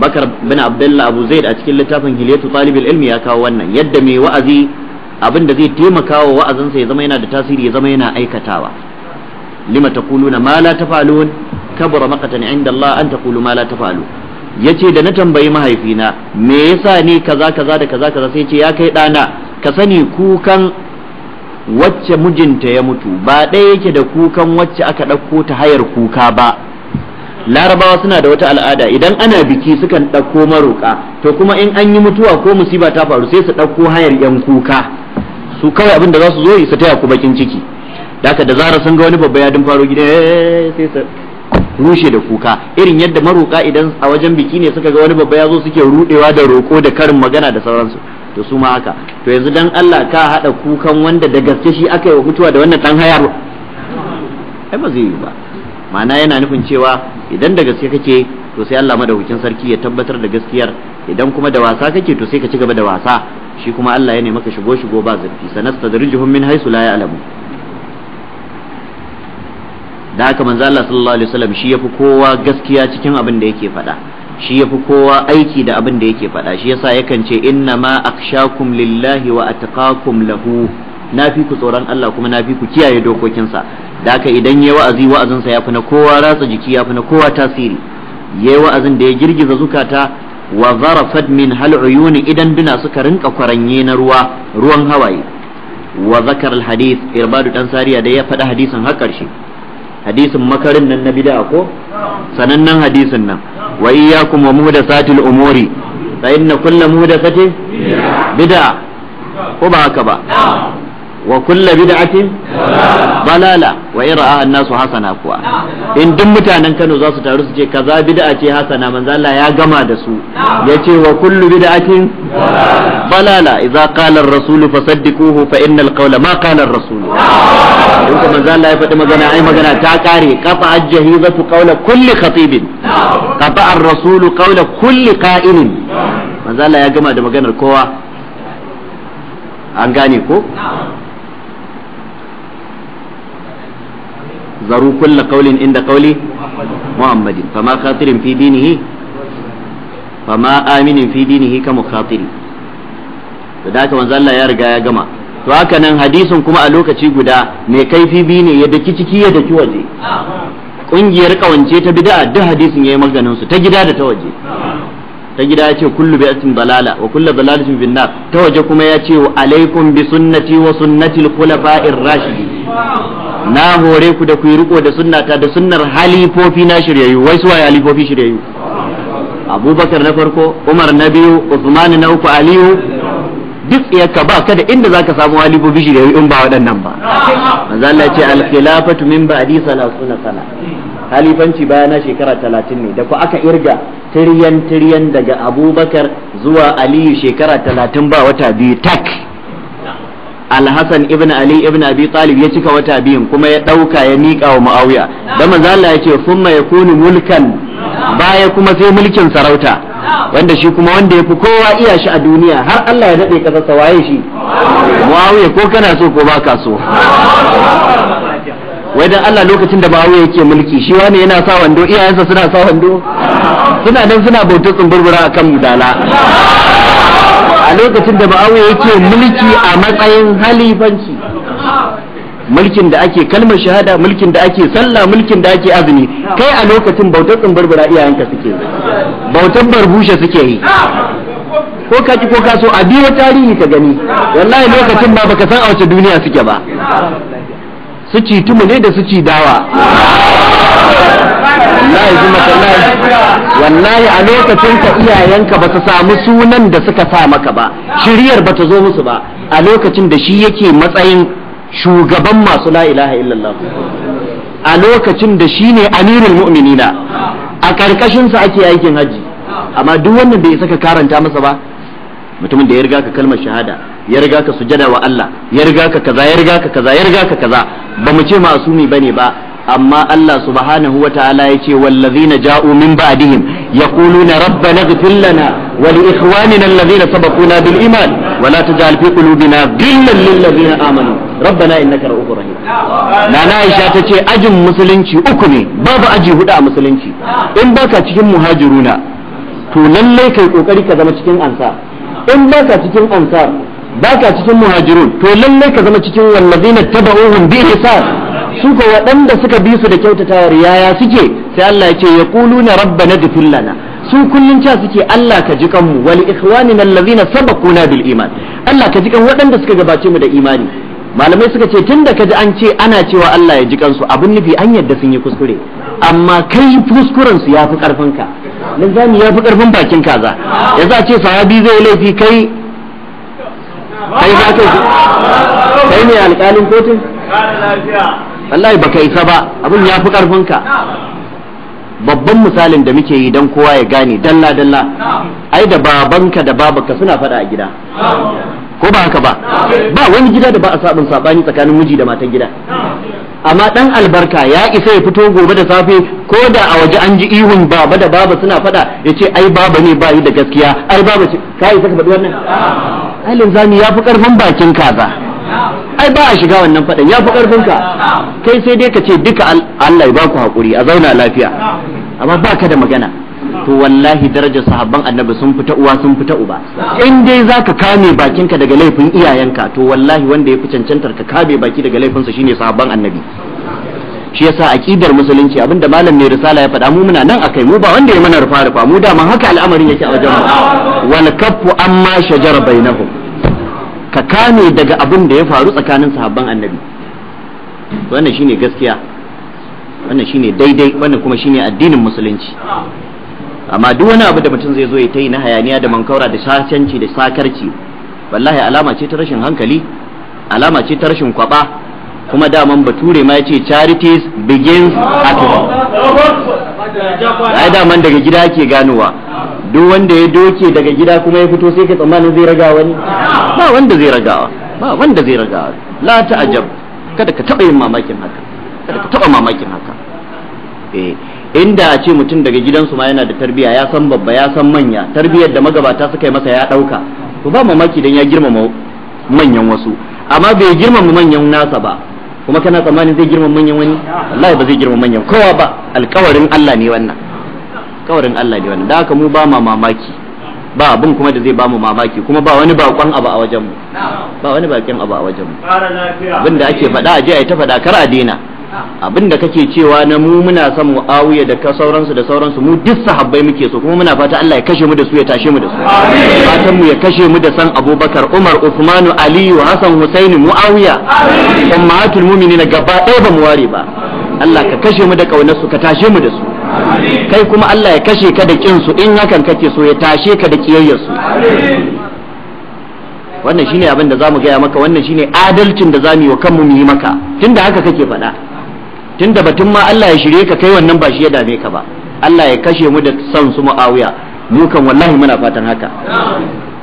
bakar bin abdullah abu zaid a cikin littafin hilyatu talibul ilmi ya kawo wannan yadda mai wa'azi abin da zai taimaka wa wa'azinsa ya zama yana da tasiri ya zama yana aikatawa lima taquluna ma la tafalun kabura maqatan inda Allah an taqulu ta la tafalu yace da na tambayi mahaifina me yasa ne kaza kaza da kaza kaza sai ce ya kai dana ka sani kukan wacce mijinta ya mutu ba ɗaya yake da kukan wacce aka ɗauko ta hayar kuka ba larabawa suna da wata al'ada idan ana biki sukan ɗauko maroƙa to kuma in an yi mutuwa ko musiba ta faru sai su ɗauko hayar yan kuka su kawai abin da za su zo su taya ku bakin ciki da da zarar sun ga wani babba ya faro gida eh, sai su rushe da kuka irin yadda maroka idan a wajen biki ne suka ga wani babba ya zo suke rudewa da roko da karin magana da sauransu to su ma haka to yanzu dan Allah ka hada kukan wanda da gaske shi aka yi wa mutuwa da wannan dan hayar ai ba zai yi ba ma'ana yana nufin cewa idan da gaske kake to sai Allah madaukakin sarki ya tabbatar da gaskiyar idan kuma da wasa kake to sai ka ci gaba da wasa shi kuma Allah ya ne maka shigo shigo ba zurfi darijuhum min haisu la ya'lamu da haka manzo Allah sallallahu alaihi wasallam shi yafi kowa gaskiya cikin abin da yake faɗa shi yafi kowa aiki da abin da yake faɗa shi yasa yakan ce inna ma akhshakum lillahi wa atqakum lahu na fi ku tsoron Allah kuma na fi ku kiyaye dokokinsa da haka idan yayi wa'azi wa'azinsa yafi na kowa ratsa jiki yafi na kowa tasiri yayi wa'azin da ya girgiza zukata wa zarafat min hal uyuni idan duna suka rinka kwaranye na ruwa ruwan hawaye wa zakar al hadith irbadu dan sariya da ya faɗi hadisin har karshe. hadisin makarin nan na bid'a ko sanannen hadisin nan wa iyyakum wa muhdathatil umuri fa inna kullu muhdathatin bid'a ko ba haka ba wa kulla bid'atin balala wa ira'a annasu hasana kuwa in duk mutanen Kano za su taru su ce kaza bid'a ce hasana manzo Allah ya gama da su yace wa kullu bid'atin balala idza qala ar-rasul fasaddiquhu fa innal qawla ma qala ar-rasul in kuma manzo Allah ya faɗi magana ai magana ta kare ajjahi za jahizatu kaula kulli khatibin kafa ar-rasul kaula kulli qa'ilin manzo Allah ya gama da maganar kowa an gane ko zaru kulla qaulin inda qauli muhammadin fama khatirin fi dinihi fama aminin fi dinihi ka mukhatiri da haka manzo Allah ya riga ya gama to haka nan hadisin kuma a lokaci guda mai kaifi biyu ne ya daki ciki ya daki waje kungiyar kawance ta bid'a duk hadisin yayi maganin su ta gida da ta waje ta gida ya ce kullu asin balala. wa kullu balalatin fin nar ta waje kuma ya ce wa alaikum bi sunnati wa sunnati al-khulafa'ir rashidi. na hore ku da ku riko da sunnata da sunnar halifofi na shiryayyu wai su waye halifofi shiryayyu abubakar na farko umar na biyu usman na uku aliyu duk iyaka ba kada inda zaka samu walibobi shi da in ba waɗannan ba manzo Allah ce al khilafatu min ba'di 30 sana halifanci na shekara 30 ne da ku aka irga tiryan tiryan daga Abubakar zuwa Aliyu shekara 30 ba wata biyu tak Al-Hassan ibn Ali ibn Abi Talib ya cika wata biyun kuma ya ɗauka ya miƙa wa Muawiya dan manzo Allah ya ce summa yakunu mulkan baya kuma sai mulkin sarauta wanda shi kuma wanda ya fi kowa iya shi a duniya har Allah ya daɗe ƙasa waye shi muawiya ko kana so ko baka so wai dan Allah lokacin da muawiya yake mulki shi wani yana sa wando iyayensa suna sa wando suna nan suna bautar tsumburbura a kan mudala a lokacin da muawiya yake mulki a matsayin halifanci mulkin da ake kalmar shahada mulkin da ake sallah mulkin da ake azumi kai a lokacin bautar tsumburbura iyayenka suke bautar barbushe suke yi ko ka ki ko ka so a biyo tarihi ka gani wallahi lokacin ba baka san a wace duniya suke ba su ci tumu ne da su ci dawa wallahi zuma wallahi wallahi a lokacin ka iyayenka ba su samu sunan da suka sa maka ba shiriyar ba ta zo musu ba a lokacin da shi yake matsayin shugaban masu la ilaha illallah a lokacin da shi ne amirul mu'minina a ƙarƙashinsa ake aikin hajji amma duk wannan bai saka karanta masa ba mutumin da ya riga ka kalmar shahada ya riga ka sujada wa Allah ya riga ka kaza ya riga ka kaza ya riga ka kaza ba mu ce masumi bane ba amma Allah subhanahu wa ta'ala ya ce wallazina ja'u min ba'dihim yaquluna rabbana ighfir lana wa li ikhwanina alladhina sabaquna bil iman wa la taj'al fi qulubina ghillan lil ladzina amanu rabbana innaka ra'ufur rahim nana aisha ta ce ajin musulunci uku ne babu aji hudu a musulunci in baka cikin muhajiruna to lalle kai kokari ka zama cikin ansar in baka cikin ansar baka cikin muhajirun to lallai ka zama cikin wallazina tabauhum bi ihsan su ko waɗanda suka bi su da kyautatawar yaya suke sai Allah ya ce yaquluna rabbana ghfir lana su kullum ca suke Allah ka ji kanmu wal ikhwanina allazina sabaquna bil iman Allah ka ji waɗanda suka gabace mu da imani malamai suka ce tun da kaji an ce ana cewa Allah ya ji kansu abin nufi an yadda sun yi kuskure amma kai kuskuren su yafi karfin ka nan ya yafi karfin bakin kaza ya za ce sahabi zai laifi kai kai ba ka kai ne alƙalin kotun wallahi ba baka isa ba abin yafi karfin ka babban misalin da muke yi don kowa ya gane dalla dalla ai da babanka da babanka suna fada a gida ko ba haka ba ba wani gida da ba a sabon sabani tsakanin miji da matan gida amma dan albarka ya isa ya fito gobe da safe ko da a waje an ji ihun baba da baba suna fada ya ce ai baba ne ba yi da gaskiya ai baba ce ka isa ka faɗi wannan ai linzami ya fi karfin bakin kaza ai ba a shiga wannan faɗan ya fi karfin ka kai sai dai ka ce duka Allah ya baku hakuri a zauna lafiya amma baka da magana to wallahi darajar sahabban annabi sun fita uwa sun fita uba in dai zaka kame bakinka daga laifin iyayenka to wallahi wanda ya fi cancantar ka kame baki daga laifinsa shine sahabban annabi shi yasa aqidar musulunci abinda malam mai risala ya faɗa mu muna nan akai mu ba wanda ya mana rufa fa mu da man haka al'amarin yake a wajen mu wal kaffu amma shajara bainahum ka kame daga abin da ya faru tsakanin sahabban annabi wannan shine gaskiya wannan shine daidai wannan kuma shine addinin musulunci amma duk wani abu da mutum zai zo ya ta yi na hayaniya da mankaura da sasanci da sakarci wallahi alama ce ta rashin hankali alama ce ta rashin kwaba kuma daman bature ma ce charities begins at home ai daman daga gida ake ganowa duk wanda ya doke daga gida kuma ya fito sai ka tsammanin zai raga wani ba wanda zai ragawa ba wanda zai ragawa la ta'ajab kada ka taba yin mamakin haka kada ka taba mamakin haka eh inda a ce mutum daga gidansu ma yana da tarbiya ya san babba ya san manya tarbiyar da magabata suka yi masa ya dauka to ba mamaki dan ya girmama manyan wasu amma bai girmama manyan nasa ba kuma kana tsammanin zai girmama manyan wani wallahi ba zai girmama manyan kowa ba alkawarin Allah ne wannan alkawarin Allah ne wannan da haka mu ba ma mamaki ba abin kuma da zai ba mu mamaki kuma ba wani bakon abu a wajenmu ba wani bakin abu a wajenmu abin da ake faɗa a je a ta faɗa kar a daina abinda kake cewa na mu muna son muawiya da ka sauransu da sauransu mu duk sahabbai muke so kuma muna fata Allah ya kashe mu da su ya tashe mu da su fatan mu ya kashe mu da san abubakar umar usmanu ali hasan Hussein muawiya ummatul mu'minin gaba ɗaya ba mu ware ba Allah ka kashe mu da kaunar su ka tashe mu da su kai kuma Allah ya kashe ka da kin su in hakan kake so ya tashe ka da kiyayyar su wannan shine abin da zamu gaya maka wannan shine adalcin da zamu yi wa kanmu mu yi maka tunda haka kake faɗa Tun tunda batun ma Allah ya shirye ka kai wannan ba shi ya dame ka ba Allah ya kashe mu da son su Muawiya mu kan wallahi muna fatan haka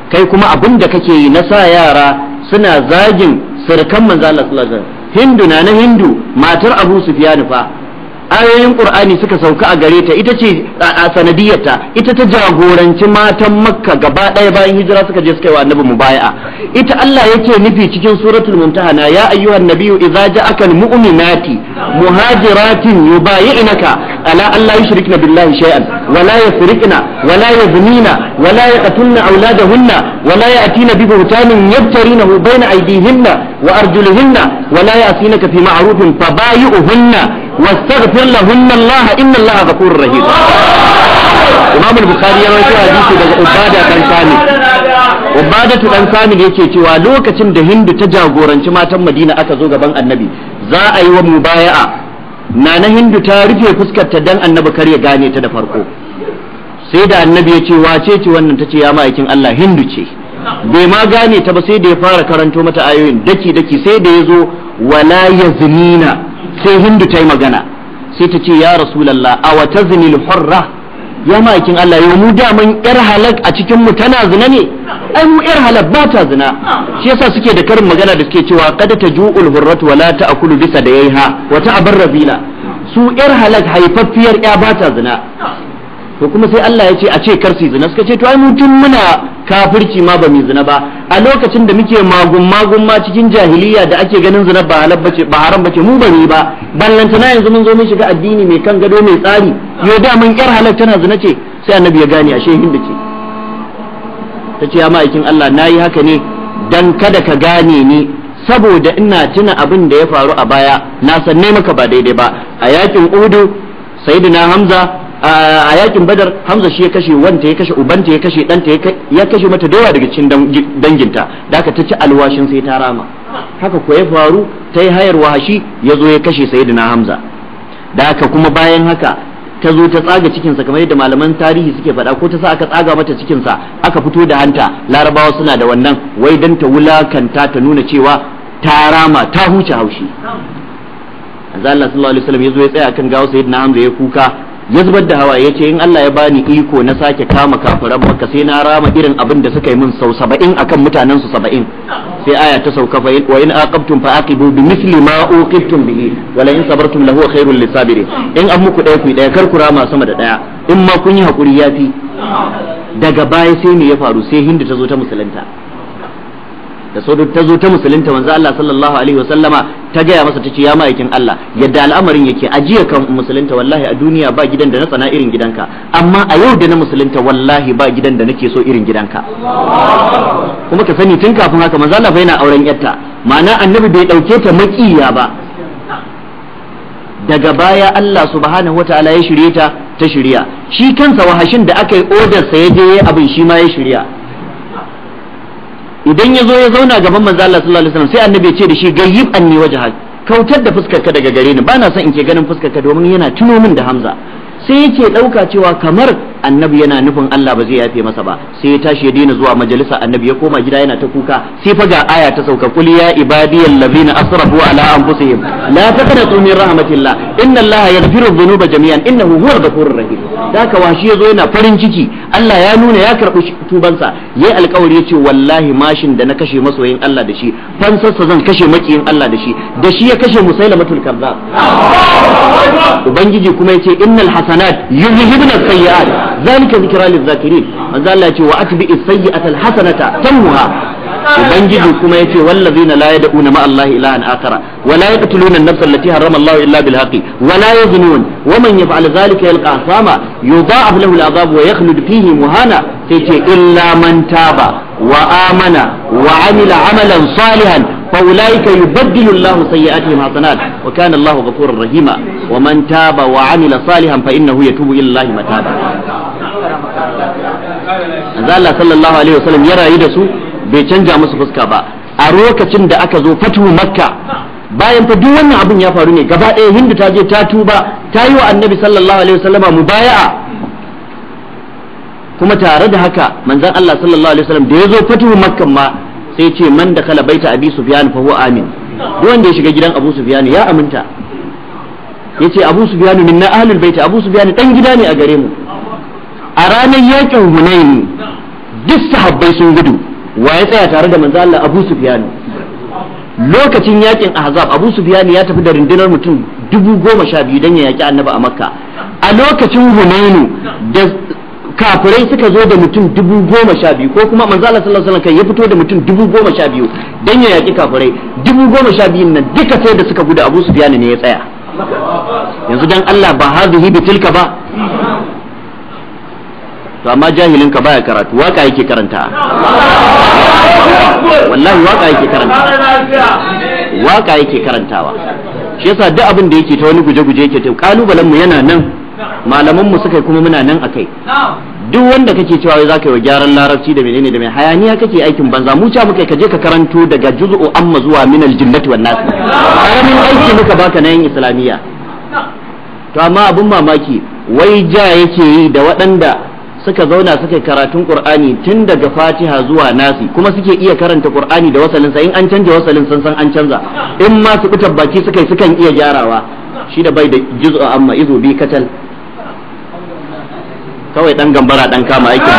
kai kuma abin da kake yi na sa yara suna zagin sirkan manzo Allah hindu na na hindu matar Abu Sufyan fa ayoyin qur'ani suka sauka a gare ta ita ce a sanadiyarta ita ta jagoranci matan makka gaba ɗaya bayan hijira suka je suka yi wa annabi mubaya'a ita Allah yake nufi cikin suratul mumtahana ya ayyuhan nabiyyu idza ja'aka muminati muhajiratin yubayi'naka ala an la yushrikna billahi shay'an wa wala yasrikna wa la yaznina wa la yaqtulna awladahunna wala la ya'tina bi buhtanin yabtarinahu bayna aydihinna wa arjulihinna wala la ya'sinaka fi ma'rufin hunna. واستغفر لهن الله ان الله غفور رحيم امام Bukhari يروي rawaito hadisi daga Ubada dan Sami. بن سامي yake cewa lokacin da Hindu ta jagoranci matan Madina aka zo gaban Annabi, za a yi wa mubaya'a. Nana Hindu ta rufe fuskar ta dan Annabi kar ya gane ta da farko. Sai da Annabi ya ce wace ce wannan tace ya ma'aikin Allah Hindu ce. Bai ma gane ta ba sai da ya fara karanto mata ayoyin daki daki sai da ya zo wala zinina. sai hindu ta yi magana sai ta ce ya rasulallah a wata zinil hurra ya ma'aikin Allah yau mu daman yar halak a cikin mu tana zina ne ai mu yar halak ba ta zina shi yasa suke da karin magana da suke cewa kada ta ju'ul hurratu wala ta'kulu bisa da yaiha wa ta'bar rabila su yar halak haifaffiyar ya ba ta zina to kuma sai Allah ya ce a ce kar zina suka ce to ai mu muna kafirci ma ba mu zina ba a lokacin da muke magun magun ma cikin jahiliya da ake ganin zina ba halal bace ba haram bace mu ba ballanta na yanzu mun zo mun shiga addini mai kan gado mai tsari yo da mun yar halal tana zina ce sai annabi ya gane ashe hindu ce ta ce ya ma'aikin Allah nayi haka ne dan kada ka gane ni saboda ina tuna abin da ya faru a baya na sanne maka ba daidai ba a yakin udu sayyidina hamza a yakin badar hamza shi ya kashe wanta ya kashe ubanta ya kashe danta ya kashe mata dawa daga cikin danginta da aka ta ci alwashin sai ta rama haka ko ya faru ta yi hayar wahashi ya zo ya kashe sayyidina hamza da aka kuma bayan haka ta zo ta tsaga cikinsa kamar yadda malaman tarihi suke faɗa ko ta sa aka tsaga mata cikinsa aka fito da hanta larabawa suna da wannan wai dan ta wulakanta ta nuna cewa ta rama ta huce haushi Allah sallallahu alaihi wasallam ya zo ya tsaya kan gawo sayyidina Hamza ya kuka ya da hawa ya ce in Allah ya bani iko na sake kama kafiran makka sai na rama irin abin da suka yi min sau saba'in akan mutanen su saba'in sai aya ta sauka fa wa in aqabtum fa aqibu bi misli ma uqibtum bihi wala in sabartum lahu khairul lisabirin in an muku daya ku daya kar ku rama sama da daya in ma kun yi hakuri yafi daga baya sai me ya faru sai hindu ta zo ta musulunta da sauran ta zo ta musulunta manzo Allah sallallahu alaihi wasallama ta gaya masa tace ya ma'aikin Allah yadda al'amarin yake ajiya kan musulunta wallahi a duniya ba gidan da na tsana irin gidanka amma a yau da na musulunta wallahi ba gidan da nake so irin gidanka kuma ka sani tun kafin haka manzo Allah bai na auren yarta ma'ana annabi bai dauke ta makiya ba daga baya Allah subhanahu wataala ya shirye ta ta shirya shi kansa wahashin da aka yi odar sa ya je abin shi ma ya shirya idan ya zo ya zauna gaban manzo Allah sallallahu alaihi wasallam sai annabi ya ce da shi gayyib anni wajhak kautar da fuskar ka daga gare ni bana son in ke ganin ka domin yana tuno min da Hamza sai yake dauka cewa kamar annabi yana nufin Allah ba zai yafe masa ba sai ya tashi ya daina zuwa majalisa annabi ya koma gida yana ta kuka sai fa ga aya ta sauka kul ya ibadiyal ladina asrafu ala anfusihim la taqnatu min rahmatillah inna yaghfiru dhunuba jami'an innahu huwal ghafurur rahim da ka shi ya zo yana farin ciki Allah ya nuna ya karɓi tubansa ya yi alkawari ya ce wallahi mashin da na kashe masoyin Allah da shi fansarsa zan kashe makiyin Allah da shi da shi ya kashe musailamatul kazzab ubangiji kuma ya ce innal hasanat yuzhibna sayyi'at zalika zikra lil zakirin manzo Allah ya ce wa atbi as-sayyi'ata al-hasanata tamuha ubangiji kuma yace wallazina la yad'una ma Allah ilahan akara wa la yaqtuluna an-nafsa allati harrama Allah illa bil haqqi wa la yaznun wa man yaf'al dhalika yalqa asama yudha'af lahu al wa yakhlud fihi muhana yace illa man taba wa amana wa 'amila 'amalan salihan فأولئك يبدل الله سيئاتهم حسنات وكان الله غفورا رحيما ومن تاب وعمل صالحا فإنه يتوب إلى الله متابا manzo Allah sallallahu alaihi wasallam ya rayu da su bai canja musu fuska ba a lokacin da aka zo fatu makka bayan fa duk wannan abun ya faru ne gaba ɗaya hindu ta je ta tuba ta yi wa annabi sallallahu alaihi wasallama mubaya'a kuma tare da haka manzon Allah sallallahu alaihi wasallam da ya zo fatu makka ma sai ce man da kala baita abi sufyan fa huwa amin duk wanda ya shiga gidan abu sufyan ya aminta yace abu sufyan min na ahlul baiti abu sufyan dan gida ne a gare mu a ranar yakin hunaini duk sahabbai sun gudu wa ya tsaya tare da manzo Allah Abu Sufyan lokacin yakin Ahzab Abu Sufyan ya tafi da rundunar mutum dubu goma sha biyu don ya yaki annabi a Makka a lokacin Hunainu da kafirai suka zo da mutum dubu goma sha biyu ko kuma manzo Allah sallallahu alaihi wasallam ya fito da mutum dubu goma sha biyu don ya yaki kafirai dubu goma sha biyun nan duka sai da suka gudu Abu Sufyan ne ya tsaya yanzu dan Allah ba hazihi bi tilka ba to amma jahilin ka baya karatu waka yake karanta wallahi waka yake karanta waka yake karantawa shi yasa duk abin da yake ta wani guje-guje yake ta kalubalen mu yana nan malaman mu suka kuma muna nan akai duk wanda kake cewa wai zaka yi wa gyaran larabci da menene da mai hayaniya kake aikin banza mu cha muka kaje ka karanto daga juz'u amma zuwa min aljinnati wan nas karamin aiki muka baka na yin islamiyya to amma abun mamaki wai ja yake yi da waɗanda suka zauna suka karatun qur'ani tun daga fatiha zuwa nasi kuma suke iya karanta qur'ani da wasalin sa in an canja wasalin sun san an canza in ma su fitar baki suka yi sukan iya gyarawa shi da bai da juz'u amma izu bi katal kawai dan gambara dan kama aikin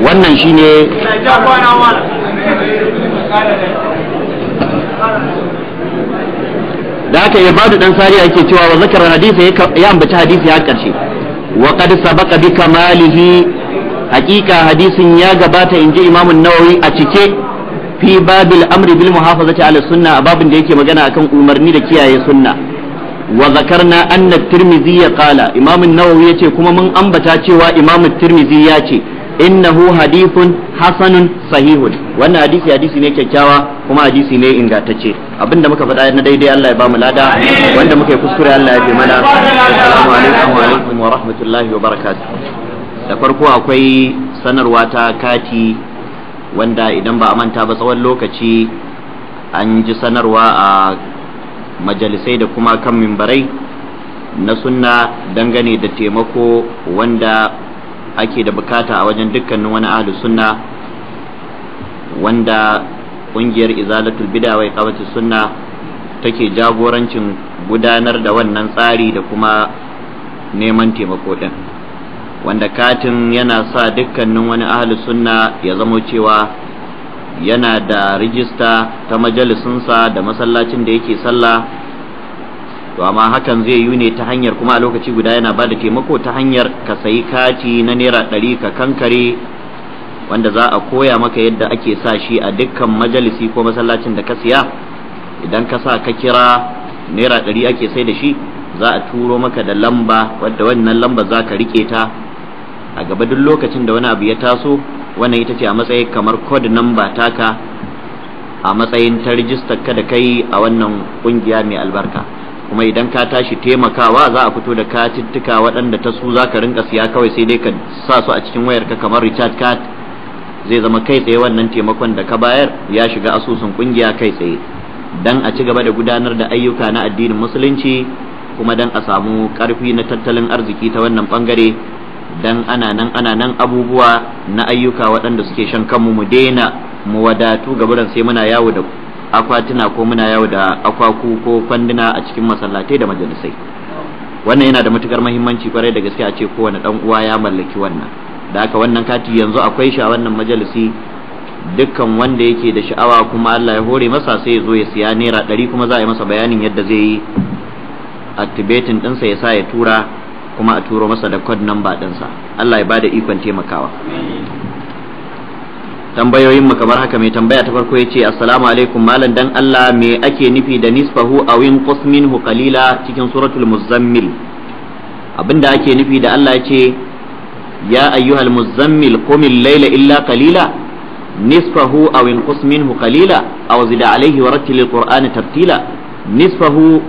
wannan shine da haka badu dan sariya yake cewa wa zakar hadisi ya ambaci hadisi ya karshe wa qad sabaqa bi kamalihi haqiqa hadisin ya gabata inji imam an-nawawi a cike fi babil amri bil muhafazati ala sunna a babin da yake magana akan umarni da kiyaye sunna wa zakarna anna tirmidhi ya qala imam an-nawawi yace kuma mun ambata cewa imam at-tirmidhi ya ce innahu hadithun hasanun sahihun wannan hadisi hadisi ne kyakkyawa kuma hadisi ne ingantacce abinda muka faɗa na daidai Allah ya bamu lada wanda muka yi kuskure Allah ya bi mana assalamu alaikum wa rahmatullahi wa barakatuh da farko akwai sanarwa ta kati wanda idan ba a manta ba tsawon lokaci an ji sanarwa a majalisai da kuma kan mimbarai na sunna dangane da taimako wanda ake da bukata a wajen dukkanin wani ahlu sunna wanda ƙungiyar izalatul bida wai kawace sunna take jagorancin gudanar da wannan tsari da kuma neman taimako ɗin, wanda katin yana sa dukkanin wani ahli sunna ya zamo cewa yana da rijista ta majalisunsa da masallacin da yake sallah to amma hakan zai yi ne ta hanyar kuma a lokaci guda yana ba da taimako ta hanyar ka sayi kati na naira ɗari ka kankare wanda za a koya maka yadda ake sa shi a dukkan majalisi ko masallacin da ka siya idan ka sa ka kira naira ɗari ake sai da shi za a turo maka da lamba wadda wannan lamba za ka rike ta a gaba duk lokacin da wani abu ya taso wannan ita ce a matsayin kamar code number taka a matsayin ta rijistar ka da kai a wannan kungiya mai albarka kuma idan ka tashi taimakawa za a fito da katittuka waɗanda ta su za ka rinka siya kawai sai dai ka sa su a cikin wayarka kamar recharge card zai zama kai tsaye wannan taimakon da ka bayar ya shiga asusun kungiya kai tsaye dan a ci gaba da gudanar da ayyuka na addinin musulunci kuma dan a samu karfi na tattalin arziki ta wannan bangare dan ana nan ana nan abubuwa na ayyuka waɗanda suke shan kanmu mu daina mu wadatu gaburan sai muna yawo da akwatuna ko muna yawo da akwaku ko kwanduna a cikin masallatai da majalisai wannan yana da matukar muhimmanci kwarai da gaske a ce kowane dan uwa ya mallaki wannan da haka wannan kati yanzu akwai shi a wannan majalisi dukkan wanda yake da sha'awa kuma Allah ya hore masa sai ya zo ya siya naira ɗari kuma za a yi masa bayanin yadda zai yi activating ɗinsa ya sa ya tura kuma a turo masa da code number ɗinsa Allah ya bada ikon taimakawa tambayoyin mu kamar haka mai tambaya ta farko yace assalamu alaikum malam dan Allah me ake nufi da nisfahu aw in Kusmin qalila cikin suratul muzammil abinda ake nufi da Allah yace ya ayyuhal muzammil qum al-layla illa qalila nisfahu aw inqus minhu qalila aw zid alayhi warattil al-qur'ana tartila nisfahu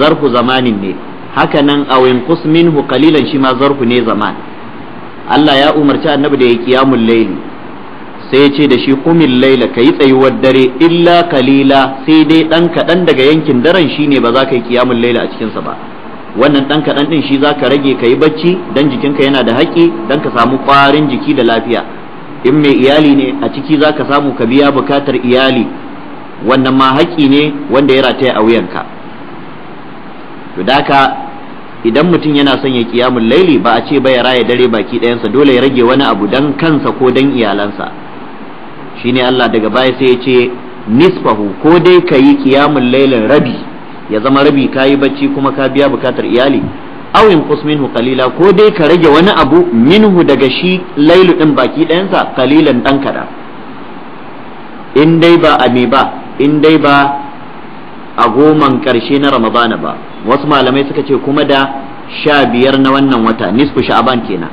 zarfu zamanin ne hakanan aw inqus minhu shi ma zarfu ne zaman Allah ya umarci annabi da ya qiyamul layli sai ya ce da shi qumil layla yi tsayuwar dare illa kalila sai dai dan kadan daga yankin daren shine ba za ka yi qiyamul layla a cikinsa ba wannan ɗan kaɗan ɗin shi za ka rage ka yi bacci don jikinka yana da haƙƙi, don ka samu ƙwarin jiki da lafiya in mai iyali ne a ciki za ka samu ka biya buƙatar iyali wannan ma haƙƙi ne wanda ya rataya a wuyanka to daka idan mutum yana son ya kiyamun laili ba a ce ba ya raya dare baki ɗayansa dole ya rage wani abu don kansa ko don iyalansa shine Allah daga baya sai ya ce nisfahu ko dai ka yi kiyamun lailin rabi ya zama rabi ka yi bacci kuma ka biya bukatar iyali awin qus minhu qalila ko dai ka rage wani abu minhu daga shi lailu din baki ɗayansa qalilan dan kada in dai ba a me ba in dai ba a goman karshe na ramadana ba wasu malamai suka ce kuma da sha biyar na wannan wata nisfu sha'aban kenan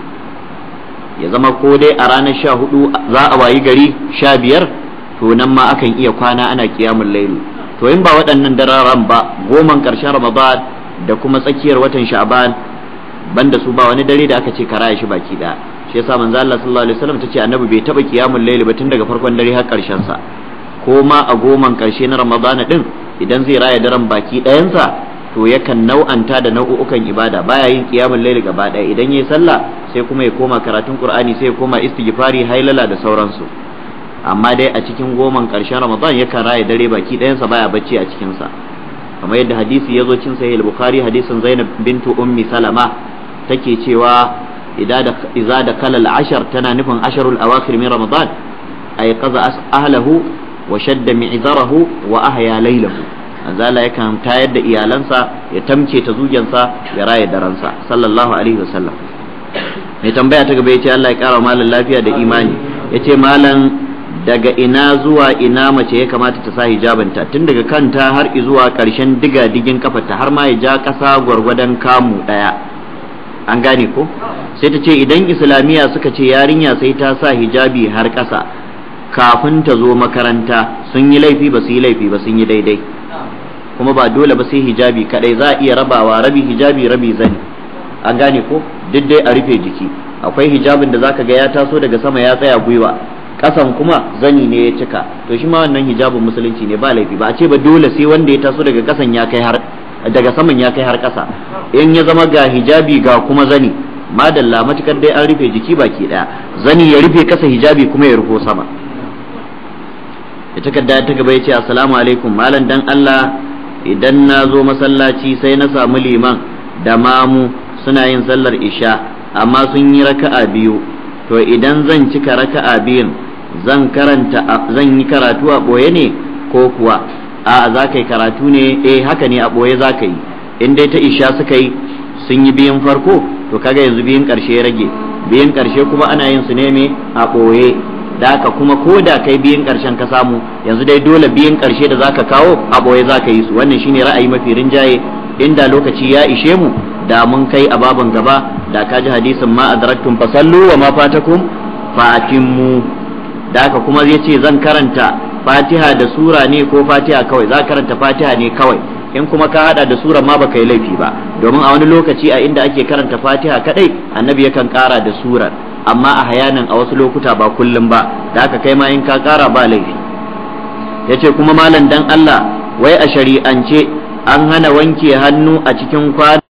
ya zama ko dai a ranar sha hudu za a wayi gari sha biyar to nan ma akan iya kwana ana kiyamun lailu to in ba waɗannan dararan ba goman ƙarshen ramadan da kuma tsakiyar watan sha'ban banda su ba wani dare da aka ce ka raya shi baki ɗaya, shi yasa manzo Allah sallallahu alaihi wasallam tace annabi bai taba kiyamul layl ba tun daga farkon dare har ƙarshen sa ko ma a goman ƙarshe na ramadana din idan zai raya daren baki ɗayansa to yakan nau'anta da nau'ukan ibada baya yin qiyamul layl gaba ɗaya idan yayi sallah sai kuma ya koma karatun qur'ani sai ya koma istighfari hailala da sauransu amma dai a cikin goman ƙarshen ramadan yakan raya dare baki ɗayansa baya bacci a cikinsa kamar yadda hadisi ya zo cin sahih bukhari hadisin zainab bintu ummi salama take cewa idza da kalal ashar tana nufin asharul awakhir min ramadan ay qaza ahlahu wa shadda mi'zarahu wa ahya laylahu azala yakan tayar da iyalansa ya tamke ta zugensa ya raya daransa sallallahu alaihi wasallam mai tambaya ta gaba yace Allah ya kara malan lafiya da imani ya ce malan daga ina zuwa ina mace ya kamata ta sa hijabinta tun daga kanta har zuwa ƙarshen diga digin kafarta har ma ya ja ƙasa gwargwadon kamu ɗaya an gane ko sai ta ce idan islamiyya suka ce yarinya sai ta sa hijabi har ƙasa kafin ta zo makaranta sun yi laifi ba su yi laifi ba sun yi daidai kuma ba dole ba sai hijabi kadai za a iya rabawa rabi hijabi rabi zani an gane ko duk dai a rufe jiki akwai hijabin da zaka ga ya taso daga sama ya tsaya gwiwa kasan kuma zani ne ya cika to shi ma wannan hijabin musulunci ne ba laifi ba a ce ba dole sai wanda ya taso daga kasan ya kai har daga saman ya kai har kasa in ya zama ga hijabi ga kuma zani madalla matukar dai an rufe jiki baki daya zani ya rufe kasa hijabi kuma ya rufo sama da takarda ta gaba ya ce assalamu alaikum malam dan Allah idan na zo masallaci sai na samu liman da mamu suna yin sallar isha amma sun yi raka'a biyu to idan zan cika raka'a biyun zan karanta zan yi karatu a ɓoye ne ko kuwa a za ka yi karatu ne eh haka ne a ɓoye za ka yi in dai ta isha suka yi sun yi biyan farko to kaga yanzu biyan ƙarshe ya rage biyan ƙarshe kuma ana yin su ne me a ɓoye da ka kuma ko da kai biyan ƙarshen ka samu yanzu dai dole biyan ƙarshe da za ka kawo a ɓoye za ka yi su wannan shine ra'ayi mafi rinjaye inda lokaci ya ishe mu da mun kai a baban gaba da ka ji hadisin ma adraktum fasallu wa ma fatakum fa da haka kuma zai ce zan karanta fatiha da sura ne ko fatiha kawai za karanta fatiha ne kawai in kuma ka hada da sura ma baka yi laifi ba domin a wani lokaci a inda ake karanta fatiha kadai annabi yakan kara da surar amma a hayanin a wasu lokuta ba kullum ba da haka kai ma in ka kara ba laifi yace kuma malam dan Allah wai a shari'ance an hana wanke hannu a cikin kwana